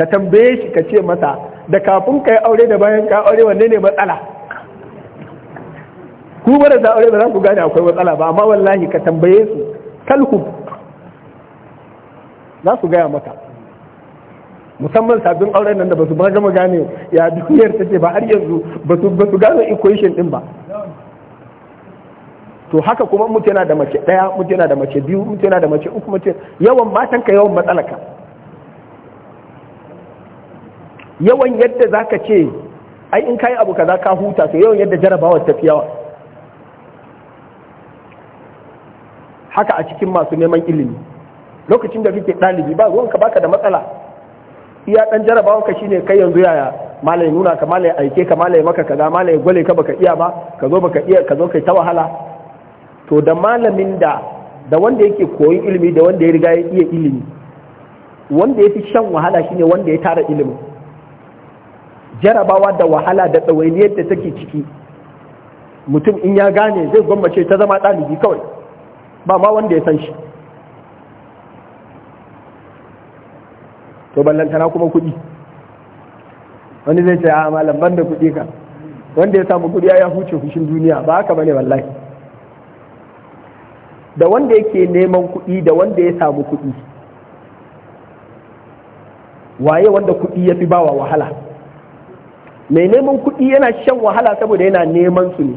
ka tambaye shi ka ce masa da kafin ka yi aure da bayan ka aure wanne ne matsala ku marasa aure ba za ku gane akwai matsala ba amma wallahi ka tambaye su kalhu za su gaya maka musamman sabbin auren nan da ba su ba gama gane ya duniyar take ba har yanzu ba su gane equation din ba to haka kuma mutu yana da mace ɗaya mutu yana da mace biyu mutu yana da mace uku mutu yawan matanka yawan matsalaka yawan yadda za ka ce ai in kai abu kaza ka huta sai yawan yadda jarabawar tafi yawa haka a cikin masu neman ilimi lokacin da kake ɗalibi ba ruwanka baka da matsala iya ɗan jarabawanka shine kai yanzu yaya malai nuna ka malai aike ka malai maka kaza malai gole ka baka iya ba ka zo baka iya ka zo kai ta wahala to da malamin da da wanda yake koyon ilimi da wanda ya riga ya iya ilimi wanda ya fi shan wahala shine wanda ya tara ilimi jarabawa da wahala da tsawainiyar yadda take ciki mutum in ya gane zai gwammace ta zama ɗalibi kawai ba ma wanda ya san shi to ballantana kuma kuɗi wani zai ce a ah, malam ban da kuɗi ka wanda ya samu kuɗi ya huce fushin duniya ba haka bane wallahi da wanda yake neman kuɗi da wanda ya samu kuɗi waye wanda kuɗi ya fi bawa wahala mai neman kuɗi yana shan wahala saboda yana neman su ne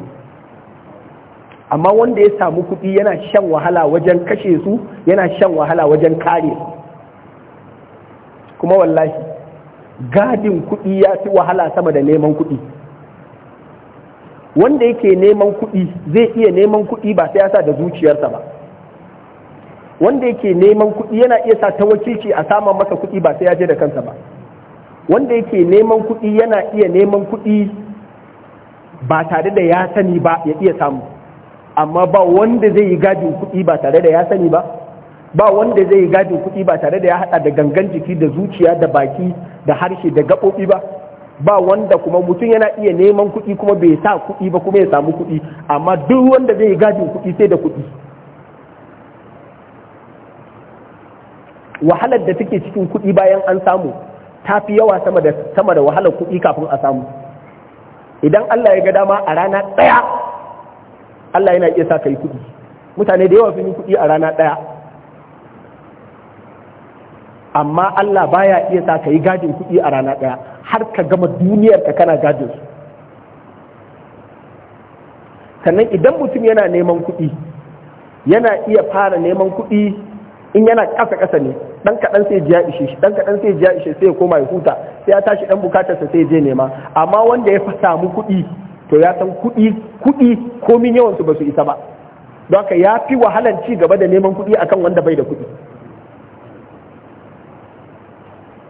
amma wanda ya samu kuɗi yana shan wahala wajen kashe su yana shan wahala wajen kare su kuma wallahi gadin kuɗi ya fi wahala sama da neman kuɗi wanda yake neman kuɗi zai iya neman kuɗi ba sai ya sa da zuciyarsa ba wanda yake neman kuɗi yana iya sa ta wakilci a sama masa kuɗi ba sai ya je da kansa ba wanda yake neman kuɗi yana iya neman kuɗi ba tare da ya sani ba ya iya samu amma ba wanda zai yi gadin kuɗi ba tare da ya sani ba ba wanda zai yi gadin kuɗi ba tare da ya haɗa da gangan jiki da zuciya da baki da harshe da gaɓoɓi ba ba wanda kuma mutum yana iya neman kuɗi kuma bai sa kuɗi ba kuma ya samu kuɗi amma duk wanda zai yi gadin kuɗi sai da kuɗi wahalar da take cikin kuɗi bayan an samu ta fi yawa sama da wahalar kuɗi kafin a samu idan Allah ya ga dama a rana ɗaya Allah yana iya sa kai kuɗi mutane da yawa sun yi kuɗi a rana ɗaya amma Allah baya iya sa kai gadin kuɗi a rana ɗaya har ka gama duniyar ka kana gadin su sannan idan mutum yana neman kuɗi yana iya fara neman kuɗi in yana ƙasa ƙasa ne dan kaɗan sai ji ya ishe shi dan kaɗan sai ji ya ishe sai ya koma ya huta sai ya tashi dan bukatarsa sai ya je nema amma wanda ya samu kuɗi to ya san kuɗi ko min yawansu ba su isa ba don haka ya fi wahalan ci gaba da neman kuɗi akan wanda bai da kuɗi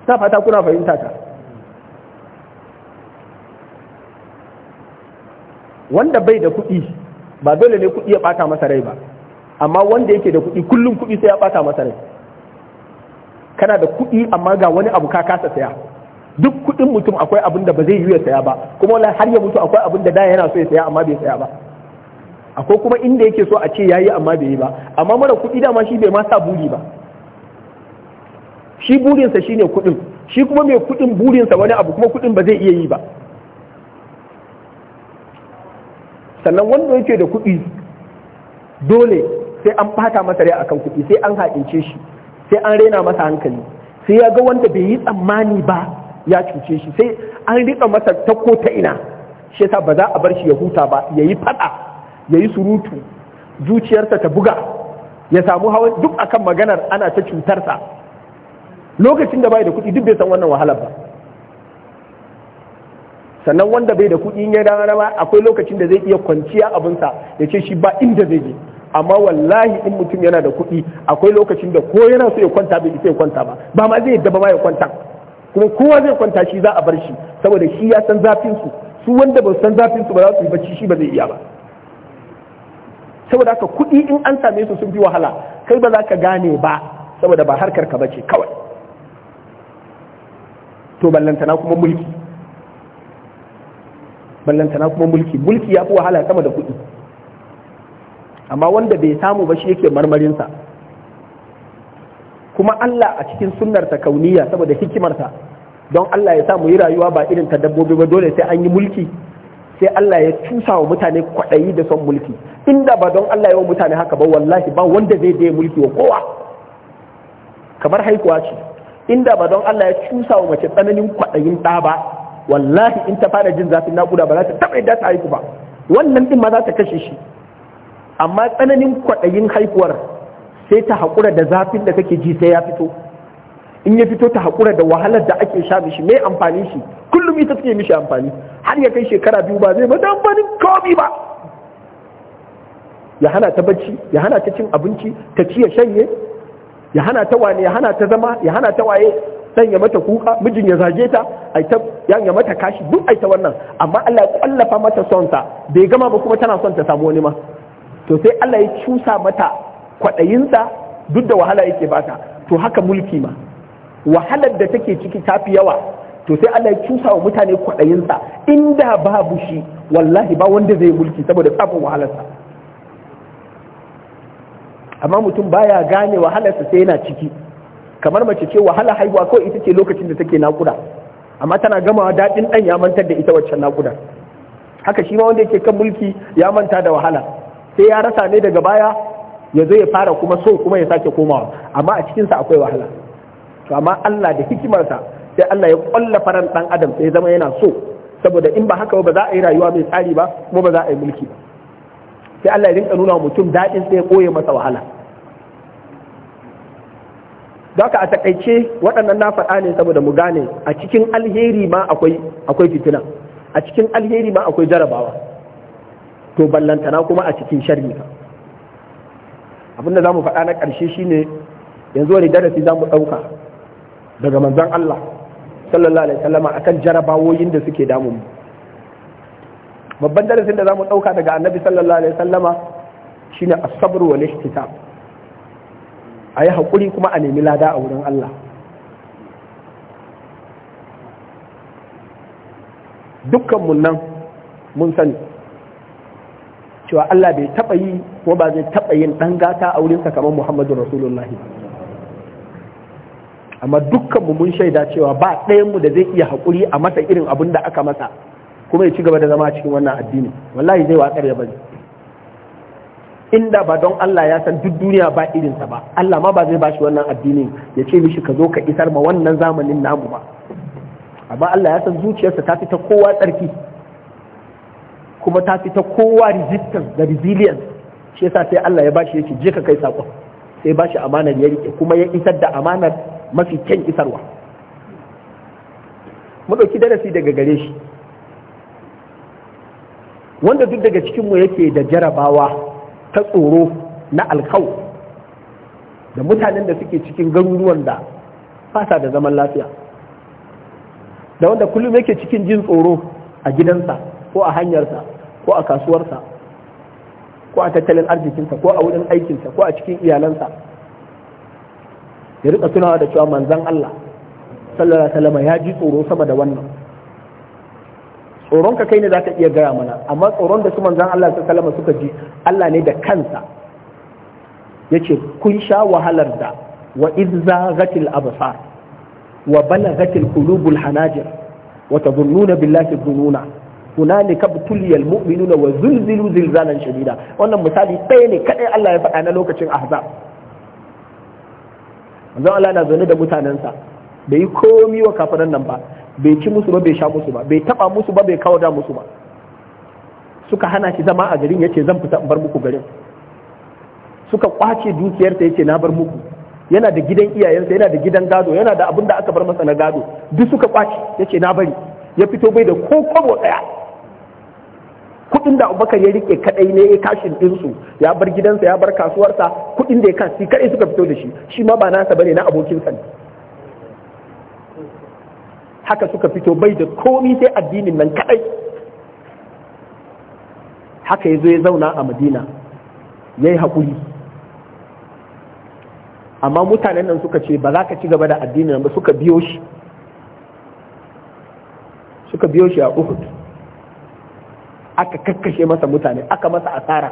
ta fata kuna fahimta ta wanda bai da kuɗi ba dole ne kuɗi ya ɓata masa rai ba amma wanda yake da kuɗi kullum kuɗi sai ya ɓata masa rai kana da kuɗi amma ga wani abu ka kasa saya duk kuɗin mutum akwai abin da ba zai yi ya saya ba kuma wani har ya mutu akwai abin da da yana so ya saya amma bai saya ba akwai kuma inda yake so a ce yayi amma bai yi ba amma mara kuɗi dama shi bai ma sa buri ba shi burinsa shine kuɗin shi kuma mai kuɗin burinsa wani abu kuma kuɗin ba zai iya yi ba sannan wanda yake da kuɗi dole sai an fata masa rai akan kuɗi sai an haɗince shi sai an rena masa hankali sai ya ga wanda bai yi tsammani ba ya cuce shi sai an rika masa ta ko ta ina shi yasa ba za a bar shi ya huta ba ya yi fada ya yi surutu zuciyarsa ta buga ya samu hawa duk akan maganar ana ta cutarsa lokacin da bai da kuɗi duk bai san wannan wahalar ba sannan wanda bai da kuɗi ya dama akwai lokacin da zai iya kwanciya abinsa ya ce shi ba inda zai je amma wallahi in mutum yana da kuɗi akwai lokacin da ko yana so ya kwanta bai isa ya kwanta ba ba ma zai yadda ba ma ya kwanta kuma kowa zai kwanta shi za a bar shi saboda shi ya san zafin su su wanda ba san zafin su ba za su yi bacci shi ba zai iya ba saboda haka kuɗi in an same su sun fi wahala kai ba za ka gane ba saboda ba harkar ka bace kawai to ballantana kuma mulki ballantana kuma mulki mulki ya fi wahala sama da kuɗi amma wanda bai samu ba shi yake marmarinsa kuma Allah a cikin sunnar ta kauniya saboda hikimarsa don Allah ya sa yi rayuwa ba irin ta dabbobi ba dole sai an yi mulki sai Allah ya cusa wa mutane kwaɗayi da son mulki inda ba don Allah ya wa mutane haka ba wallahi ba wanda zai je mulki wa kowa kamar haikuwa ce inda ba don Allah ya cusa wa mace tsananin kwaɗayin ɗa ba wallahi in ta fara jin zafin naƙuda ba za ta taɓa yadda ta haiku ba wannan ɗin ma za ta kashe shi amma tsananin kwaɗayin haihuwar sai ta haƙura da zafin da kake ji sai ya fito in ya fito ta haƙura da wahalar da ake sha mishi mai amfani shi kullum ita take mishi amfani har ya kai shekara biyu ba zai mata amfanin komi ba ya hana ta bacci ya hana ta cin abinci ta ci ya shanye ya hana ta wane ya hana ta zama ya hana ta waye dan ya mata kuka mijin ya zage ta ai ta ya mata kashi duk ai ta wannan amma Allah ya kallafa mata sonta bai gama ba kuma tana son ta samu wani ma to sai Allah ya cusa mata kwaɗayinsa duk da wahala yake baka to haka mulki ma wahalar da take ciki ta fi yawa to sai Allah ya cusa wa mutane kwaɗayinsa inda babu shi wallahi ba wanda zai mulki saboda tsafin wahalarsa amma mutum baya gane wahalarsa sai yana ciki kamar mace ce wahala haihuwa kawai ita ce lokacin da take nakuda amma tana gamawa daɗin ɗan ya mantar da ita waccan nakuda haka shi ma wanda yake kan mulki ya manta da wahala sai ya rasa ne daga baya ya zo ya fara kuma so kuma ya sake komawa amma a cikinsa akwai wahala to amma Allah da hikimarsa sai Allah ya ƙwalla faran dan adam sai zama yana so saboda in ba haka ba za a yi rayuwa mai tsari ba kuma ba za a yi mulki ba sai Allah ya rinka nuna mutum daɗin sai ya koye masa wahala Daka a takaice waɗannan na faɗa ne saboda mu gane a cikin alheri ma akwai akwai fitina a cikin alheri ma akwai jarabawa to ballantana kuma a cikin sharri abinda za mu faɗa na ƙarshe shi ne yanzu wani darasi za mu ɗauka daga manzon Allah sallallahu alaihi wasallama akan jarabawoyin da suke damun babban darasin da za mu ɗauka daga annabi sallallahu alaihi wasallama shine as wa wal A yi hakuri kuma a nemi lada a wurin Allah dukkan mun nan mun sani cewa Allah bai taɓa yi ko ba zai taɓa yin ɗan gata a wurinsa kamar Muhammadu Rasulullahi amma dukkanmu mun shaida cewa ba ɗayanmu da zai iya haƙuri a masa irin abin da aka masa kuma ya ci gaba da zama cikin wannan addini wallahi zai watsar ya bari inda ba don Allah ya san duk duniya ba irinsa ba Allah ma ba zai bashi wannan addinin ya ce mishi ka zo ka isar ma wannan zamanin namu ba amma Allah ya san zuciyarsa ta fi ta kowa tsarki kuma ta fita ta kowa resistance da resilience shi yasa sai Allah ya bashi yace je ka kai sako sai bashi amanar ya rike kuma ya isar da amanar mafi kyan isarwa mu dauki darasi daga gare shi wanda duk daga cikin mu yake da jarabawa ta tsoro na alkau da mutanen da suke cikin garuruwan da fasa da zaman lafiya da wanda kullum yake cikin jin tsoro a gidansa ko a hanyarsa ko a kasuwarsa ko a tattalin arzikinsa ko a wurin aikinsa ko a cikin iyalansa ya rika tunawa da cewa manzan Allah sallallahu alaihi wasallam ya ji tsoro sama da wannan tsoron ka kai ne zaka iya gaya mana amma tsoron da su manzan Allah sallallahu alaihi suka ji Allah ne da kansa yace kun sha wahalar da wa izzaghatil absar wa balaghatil qulubul hanajir wa tadhunnuna billahi dhununa hunalika butuliyal mu'minuna wa zulzilu zilzalan shadida wannan misali ɗaya ne kadai Allah ya faɗa na lokacin ahzab manzon Allah na zaune da mutanensa bai yi komi wa kafiran nan ba bai ci musu ba bai sha musu ba bai taba musu ba bai kawo da musu ba suka hana shi zama a garin yace zan fita in bar muku garin suka kwace dukiyarsa yace na bar muku yana da gidan iyayensa yana da gidan gado yana da abin da aka bar masa na gado duk suka kwace yace na bari ya fito bai da ko kobo daya kudin da abubakar ya rike kadai ne ya kashin dinsu ya bar gidansa ya bar kasuwarsa kudin da ya kasi kadai suka fito da shi shi ma ba nasa bane na abokin ne haka suka fito bai da komi sai addinin nan kadai haka ya zo ya zauna a madina ya yi haƙuri amma mutanen nan suka ce ba za ka ci gaba da addinin nan ba suka biyo shi suka biyo shi a uhud aka kakkashe masa mutane aka masa asara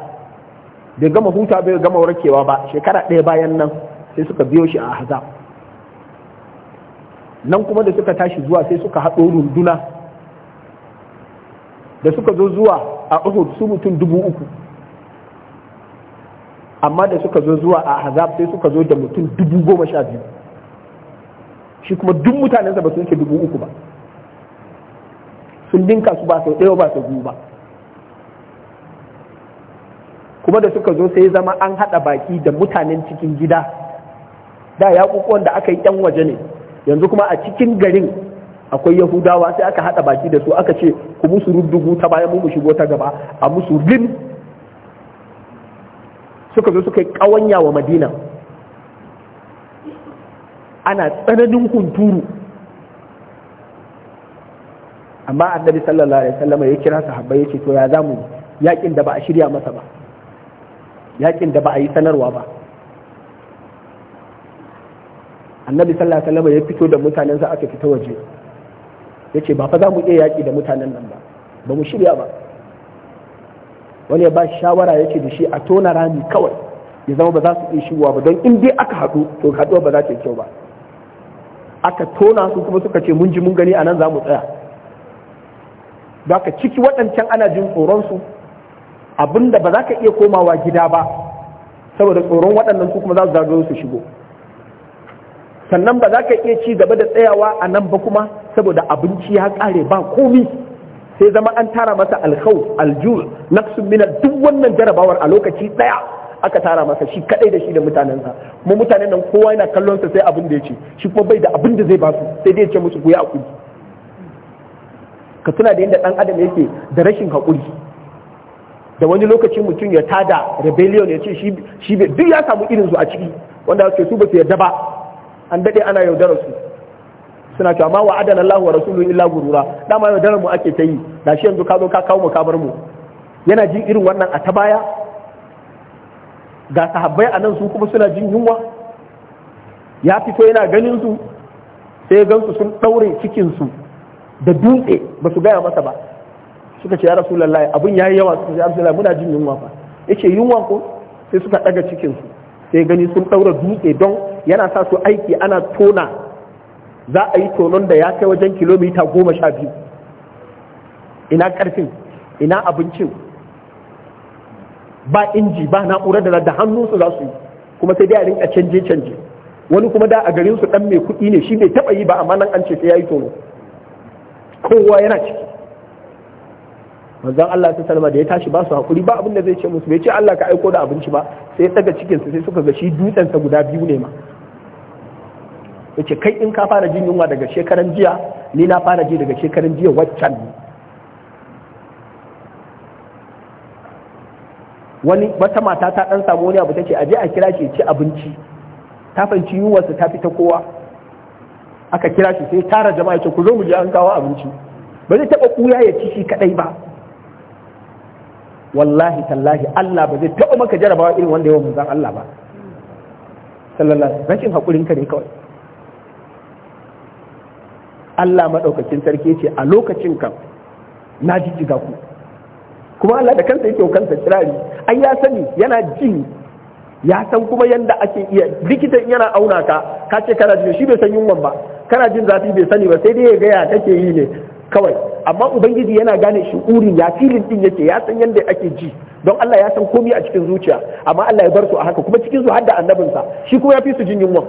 bai gama huta bai gama warkewa ba shekara ɗaya bayan nan sai suka biyo shi a haza nan kuma da suka tashi zuwa sai suka haɗo runduna da suka zo zuwa a uhud su mutum dubu uku amma da suka zo zuwa a ahzab sai suka zo da mutum dubu goma sha biyu shi kuma duk mutanensa ba su yake dubu uku ba sun dinka su ba sau ɗaya ba sau biyu ba kuma da suka zo sai zama an haɗa baki da mutanen cikin gida da yaƙuƙuwan da aka yi yan waje ne yanzu kuma a cikin garin akwai yahudawa sai aka haɗa baki da su aka ce ku musu ruddugu ta bayan mu shigo ta gaba a musu rin suka zo suka yi ƙawanya wa madina ana tsananin hunturu amma annabi sallallahu alaihi wasallam ya kira sahabbai ya ce to ya zamu yakin da ba a shirya masa ba yakin da ba a yi sanarwa ba annabi sallallahu alaihi wasallam ya fito da mutanen sa aka fita waje yace ba fa za mu iya yaki da mutanen nan ba ba mu shirya ba wani ya ba shawara yace da shi a tona rami kawai ya zama ba za su iya shigowa ba don in dai aka haɗu to haɗuwa ba za ta yi kyau ba aka tona su kuma suka ce mun ji mun gani a nan za mu tsaya da ka ciki waɗancan ana jin tsoron su. abinda ba za ka iya komawa gida ba saboda tsoron waɗannan su kuma za su zagayo su shigo sannan ba za ka iya ci gaba da tsayawa a nan ba kuma saboda abinci ya ƙare ba komi sai zama an tara masa alkhau aljur naqsun min duk wannan jarabawar a lokaci ɗaya aka tara masa shi kadai da shi da mutanensa kuma mutanen nan kowa yana kallon sa sai abin da ya ce shi kuma bai da abin da zai ba su sai dai ya ce musu ku yi hakuri ka tuna da yadda dan adam yake da rashin hakuri da wani lokaci mutum ya tada rebellion ya ce shi duk ya samu irin su a ciki wanda ke su ba su yarda ba an dade ana yaudarar su suna cewa ma wa adana Allah wa rasulun illa gurura dama yaudarar mu ake ta yi da shi yanzu ka zo ka kawo mu bar mu yana jin irin wannan a ta baya ga sahabbai a nan su kuma suna jin yunwa ya fito yana ganin su sai gansu sun daure cikin su da dutse ba su gaya masa ba suka ce ya abin abun yi yawa suka ce ya muna jin yunwa fa ce yunwa ko sai suka daga cikinsu. sai gani sun daura dutse don yana sa su aiki ana tona za a yi tonon da ya kai wajen kilomita goma sha biyu ina karfin ina abincin ba inji ba na'urar da da hannunsu za su yi kuma sai dai a rinka canje canje wani kuma da a garin su dan mai kuɗi ne shi bai taɓa yi ba amma nan an ce sai ya yi tono kowa yana ciki manzon Allah ta salama da ya tashi ba su hakuri ba abin da zai ce musu bai ce Allah ka aiko da abinci ba sai daga cikin sai suka ga shi dutsen sa guda biyu ne ma yace kai in ka fara jin yunwa daga shekaran jiya ni na fara ji daga shekaran jiya waccan wani wata mata ta dan samu wani abu tace aje a kira shi ci abinci ta fanci yunwarsa ta fita kowa aka kira shi sai tara jama'a ce ku zo mu je an kawo abinci ba zai taba kuya ya ci shi kadai ba wallahi tallahi Allah ba zai taɓa maka jarabawa irin wanda yawan manzan Allah ba sallallahu alaihi rashin haƙurin ka ne kawai Allah maɗaukakin sarki ce a lokacin kan na jijjiga ku kuma Allah da kansa yake kansa kirari ai ya sani yana jin ya san kuma yanda ake iya likita yana auna ka ka ce kana jin shi bai san yunwan ba kana jin zafi bai sani ba sai dai ya gaya kake yi ne kawai amma ubangiji yana gane shi'uri ya filin din yake ya san yadda ake ji don Allah ya san komi a cikin zuciya amma Allah ya bar su a haka kuma cikin su har da annabinsa shi kuma ya fi su jin yunwa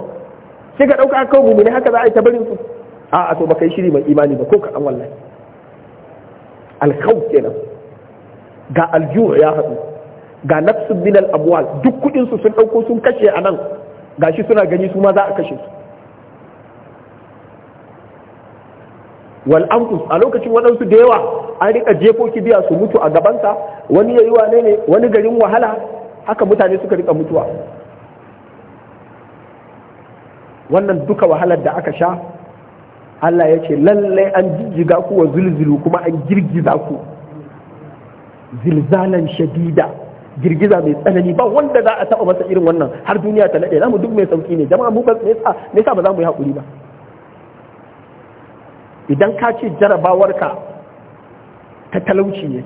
sai ka dauka kawai ne haka za a yi ta barin su a a to baka yi shiri mai imani ba ko kaɗan wallahi alkhawf kenan ga aljihu ya haɗu ga nafsu min al duk kuɗin su sun ɗauko sun kashe a nan shi suna gani su ma za a kashe su wal anfus a lokacin waɗansu da yawa an rika jefo kibiya su mutu a gabansa wani yayi wane ne wani garin wahala haka mutane suka rika mutuwa wannan duka wahalar da aka sha Allah ya ce lallai an jijjiga ku wa zulzulu kuma an girgiza ku zilzalan shadida girgiza mai tsanani ba wanda za a taɓa masa irin wannan har duniya ta naɗe namu duk mai sauki ne jama'a mu ba me yasa ba za mu yi haƙuri ba idan ka ce jarabawarka ta talauci ne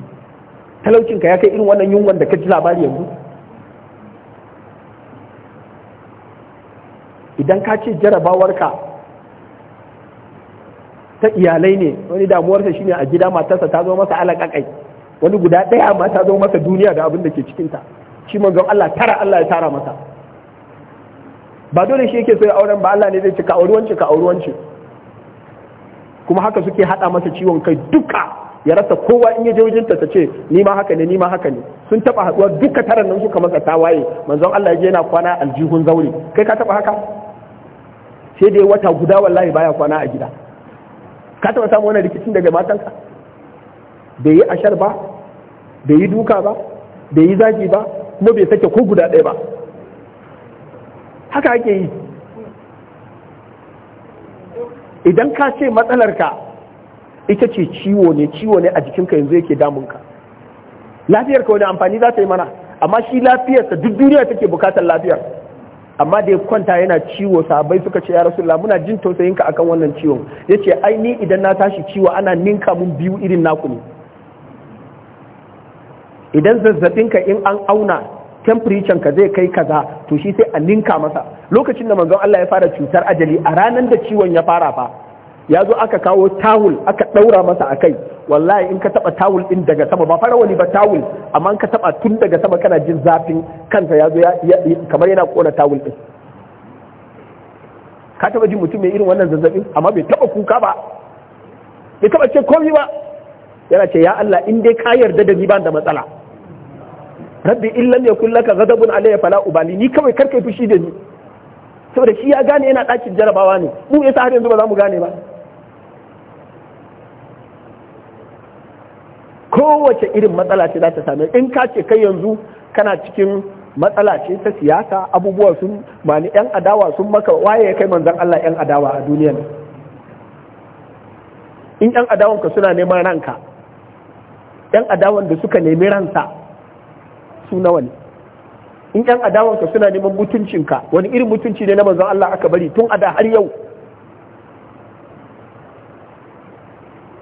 talaucinka ya kai irin wannan yunwan da ka ji labari yanzu idan ka ce jarabawarka ta iyalai ne wani damuwarsa shine a gida matarsa ta zo masa alaƙaƙai wani guda ɗaya ma ta zo masa duniya da abin da ke cikinta shi manzon Allah tara Allah ya tara masa ba dole shi yake so ya auren ba Allah ne zai cika auri wance ka auri wance kuma haka suke hada masa ciwon kai duka ya rasa kowa in ya je wajen ta ce ni ma haka ne ni ma haka ne sun taba haduwa duka taran nan suka masa waye manzon Allah yaje yana kwana aljihun zaure kai ka taba haka sai dai wata guda wallahi baya kwana a gida ka taba samu wani rikicin daga matanka bai yi ashar ba bai yi duka ba bai yi zagi ba kuma bai sake ko guda ɗaya ba haka ake yi idan ka ce matsalarka ita ce ciwo ne ciwo ne a jikinka yanzu yake damunka lafiyar ka wani amfani za ta yi mana amma shi lafiyarsa duk duniya take bukatar lafiyar amma da ya kwanta yana ciwo sahabbai suka ce ya rasulullah muna jin tausayin ka akan wannan ciwon yace ai ni idan na tashi ciwo ana ninka mun biyu irin naku ne idan zazzabinka in an auna temperature ka zai kai kaza to shi sai a ninka masa lokacin da manzon Allah ya fara cutar ajali a ranar da ciwon ya fara fa ya zo aka kawo tawul aka daura masa a kai wallahi in ka taba tawul din daga sama ba fara wani ba tawul amma in ka taba tun daga sama kana jin zafin kansa ya zo kamar yana kona tawul din ka taba jin mutum mai irin wannan zazzabin amma bai taba kuka ba bai taba ce komai ba yana ce ya Allah in dai ka yarda da ni ba da matsala rabbi in lam yakun laka ghadabun alayya fala ubali ni kawai karka yi fushi da ni saboda shi ya gane yana dakin jarabawa ne mu yasa har yanzu ba za mu gane ba kowace irin matsala ce za ta same in ka ce kai yanzu kana cikin matsala ce ta siyasa abubuwa sun ni yan adawa sun maka waye ya kai manzon Allah yan adawa a duniya in yan adawanka suna neman ranka yan adawan da suka nemi ransa su nawa ne in yan adawanka suna neman mutuncinka wani irin mutunci ne na manzon Allah aka bari tun a har yau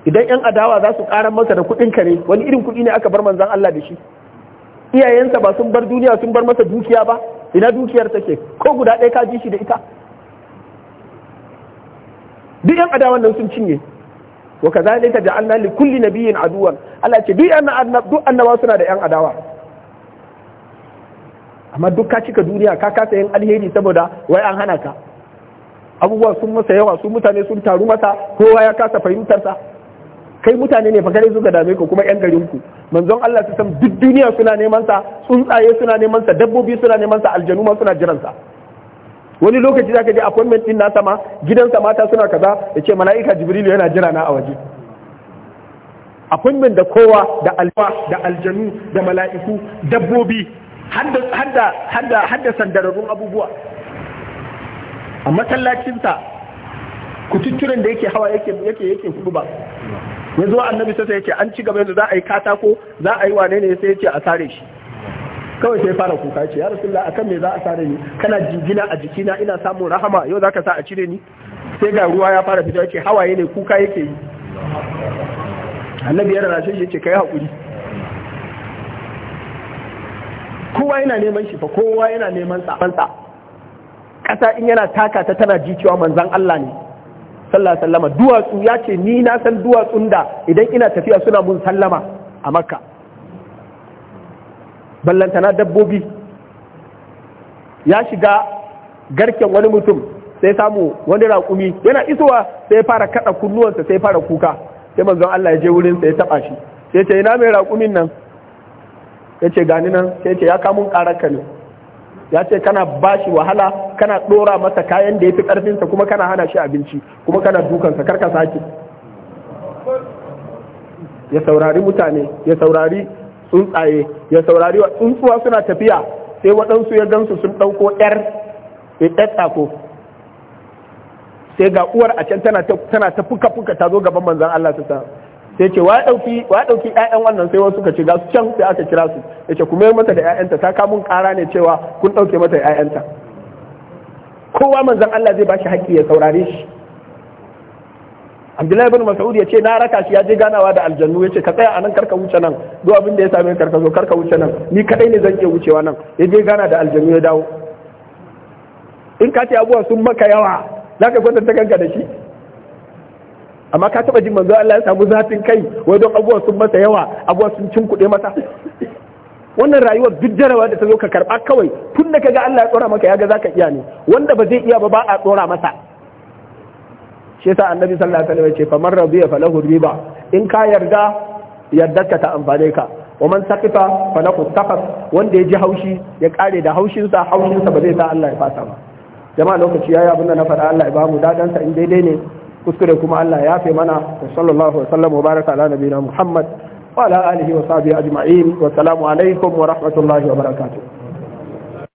idan yan adawa za su karan masa da kuɗin kare wani irin kuɗi ne aka bar manzon Allah da shi iyayensa ba sun bar duniya sun bar masa dukiya ba ina dukiyar take ko guda ɗaya ka ji shi da ita duk yan adawan nan sun cinye wa kazalika ja'alna li kulli nabiyyin aduwan Allah ce duk annabawa suna da yan adawa amma duk ka cika duniya ka kasa yin alheri saboda wai an hana ka abubuwa sun masa yawa su mutane sun taru masa kowa ya kasa fahimtarsa kai mutane ne fakare suka dame ku kuma yan garin ku manzon Allah su san duk duniya suna neman sa tsuntsaye suna neman sa dabbobi suna neman sa aljanu ma suna jiran sa wani lokaci zaka je appointment din nasa ma gidansa mata suna kaza yace mala'ika jibrilu yana jira na a waje appointment da kowa da alfa da aljanu da mala'iku dabbobi hadda sandararrun abubuwa a masallacinsa kututturen da yake hawa yake yake yake ba ya zuwa annabi sai ya ce an ci gaba yanzu za a yi katako za a yi wane ne sai ya ce a sare shi kawai sai fara kuka ce ya rasu akan me za a sare ni kana jingina a jikina ina samun rahama yau za ka sa a cire ni sai ga ruwa ya fara fita ya ce hawaye ne kuka yake yi annabi ya rarashe shi ya kai hakuri kowa yana neman shi fa kowa yana neman sa ƙasa in yana taka ta tana ji cewa manzan Allah ne sallallahu sallama duwatsu ya ce ni na san duwatsun da idan ina tafiya suna mun sallama a makka ballantana dabbobi ya shiga garken wani mutum sai samu wani raƙumi yana isowa sai fara kaɗa kunnuwansa sai fara kuka sai manzon Allah ya je wurin sa ya taba shi sai ce ina mai raƙumin nan ya ce gani nan sai ce ya kamun ƙararka ne ya ce kana bashi wahala kana ɗora masa kayan da ya fi ƙarfinsa kuma kana hana shi abinci kuma kana dukansa karka sake ya saurari mutane ya saurari tsuntsaye ya saurari wa tsuntsuwa suna tafiya sai waɗansu ya gansu sun ɗauko ƴar ƴar ko sai ga uwar a can tana ta fuka fuka ta zo gaban manzan Allah ta sa sai ce wa ɗauki ‘ya’yan wannan sai wasu ka ci ga su can sai aka kira su ya ce kuma yi mata da 'ya'yanta ta kamun ƙara ne cewa kun ɗauke mata 'ya'yanta kowa manzan Allah zai bashi haƙƙi ya saurare shi Abdullahi bin Mas'ud ya ce na raka shi ya je ganawa da aljannu ya ce ka tsaya a nan karka wuce nan duk abin da ya same karka zo karka wuce nan ni kadai ne zan iya wucewa nan ya je gana da aljannu ya dawo in ka ce abubuwa sun maka yawa za ka kwatanta kanka da shi amma ka taba jin manzo Allah ya samu zafin kai wai don abubuwan sun masa yawa abubuwan sun cin kuɗi masa wannan rayuwar duk jarawa da ta zo ka karɓa kawai tun da kaga Allah ya tsora maka ya ga zaka iya ne wanda ba zai iya ba ba a tsora masa shi yasa annabi sallallahu alaihi wasallam ya ce faman radiya falahu riba in ka yarda ka ta amfane ka wa man saqifa falahu taqaf wanda ya ji haushi ya kare da haushinsa haushinsa ba zai sa Allah ya fasa ba jama'a lokaci yayi abinda na faɗa Allah ya ba mu dadansa in daidai ne kuskure kuma Allah ya fi mana wa sallallahu wasallam wa baraka ala nabiyina Muhammad wa ala alihi wa sahbihi ajma'in wa salamu alaikum wa rahmatullahi wa barakatuh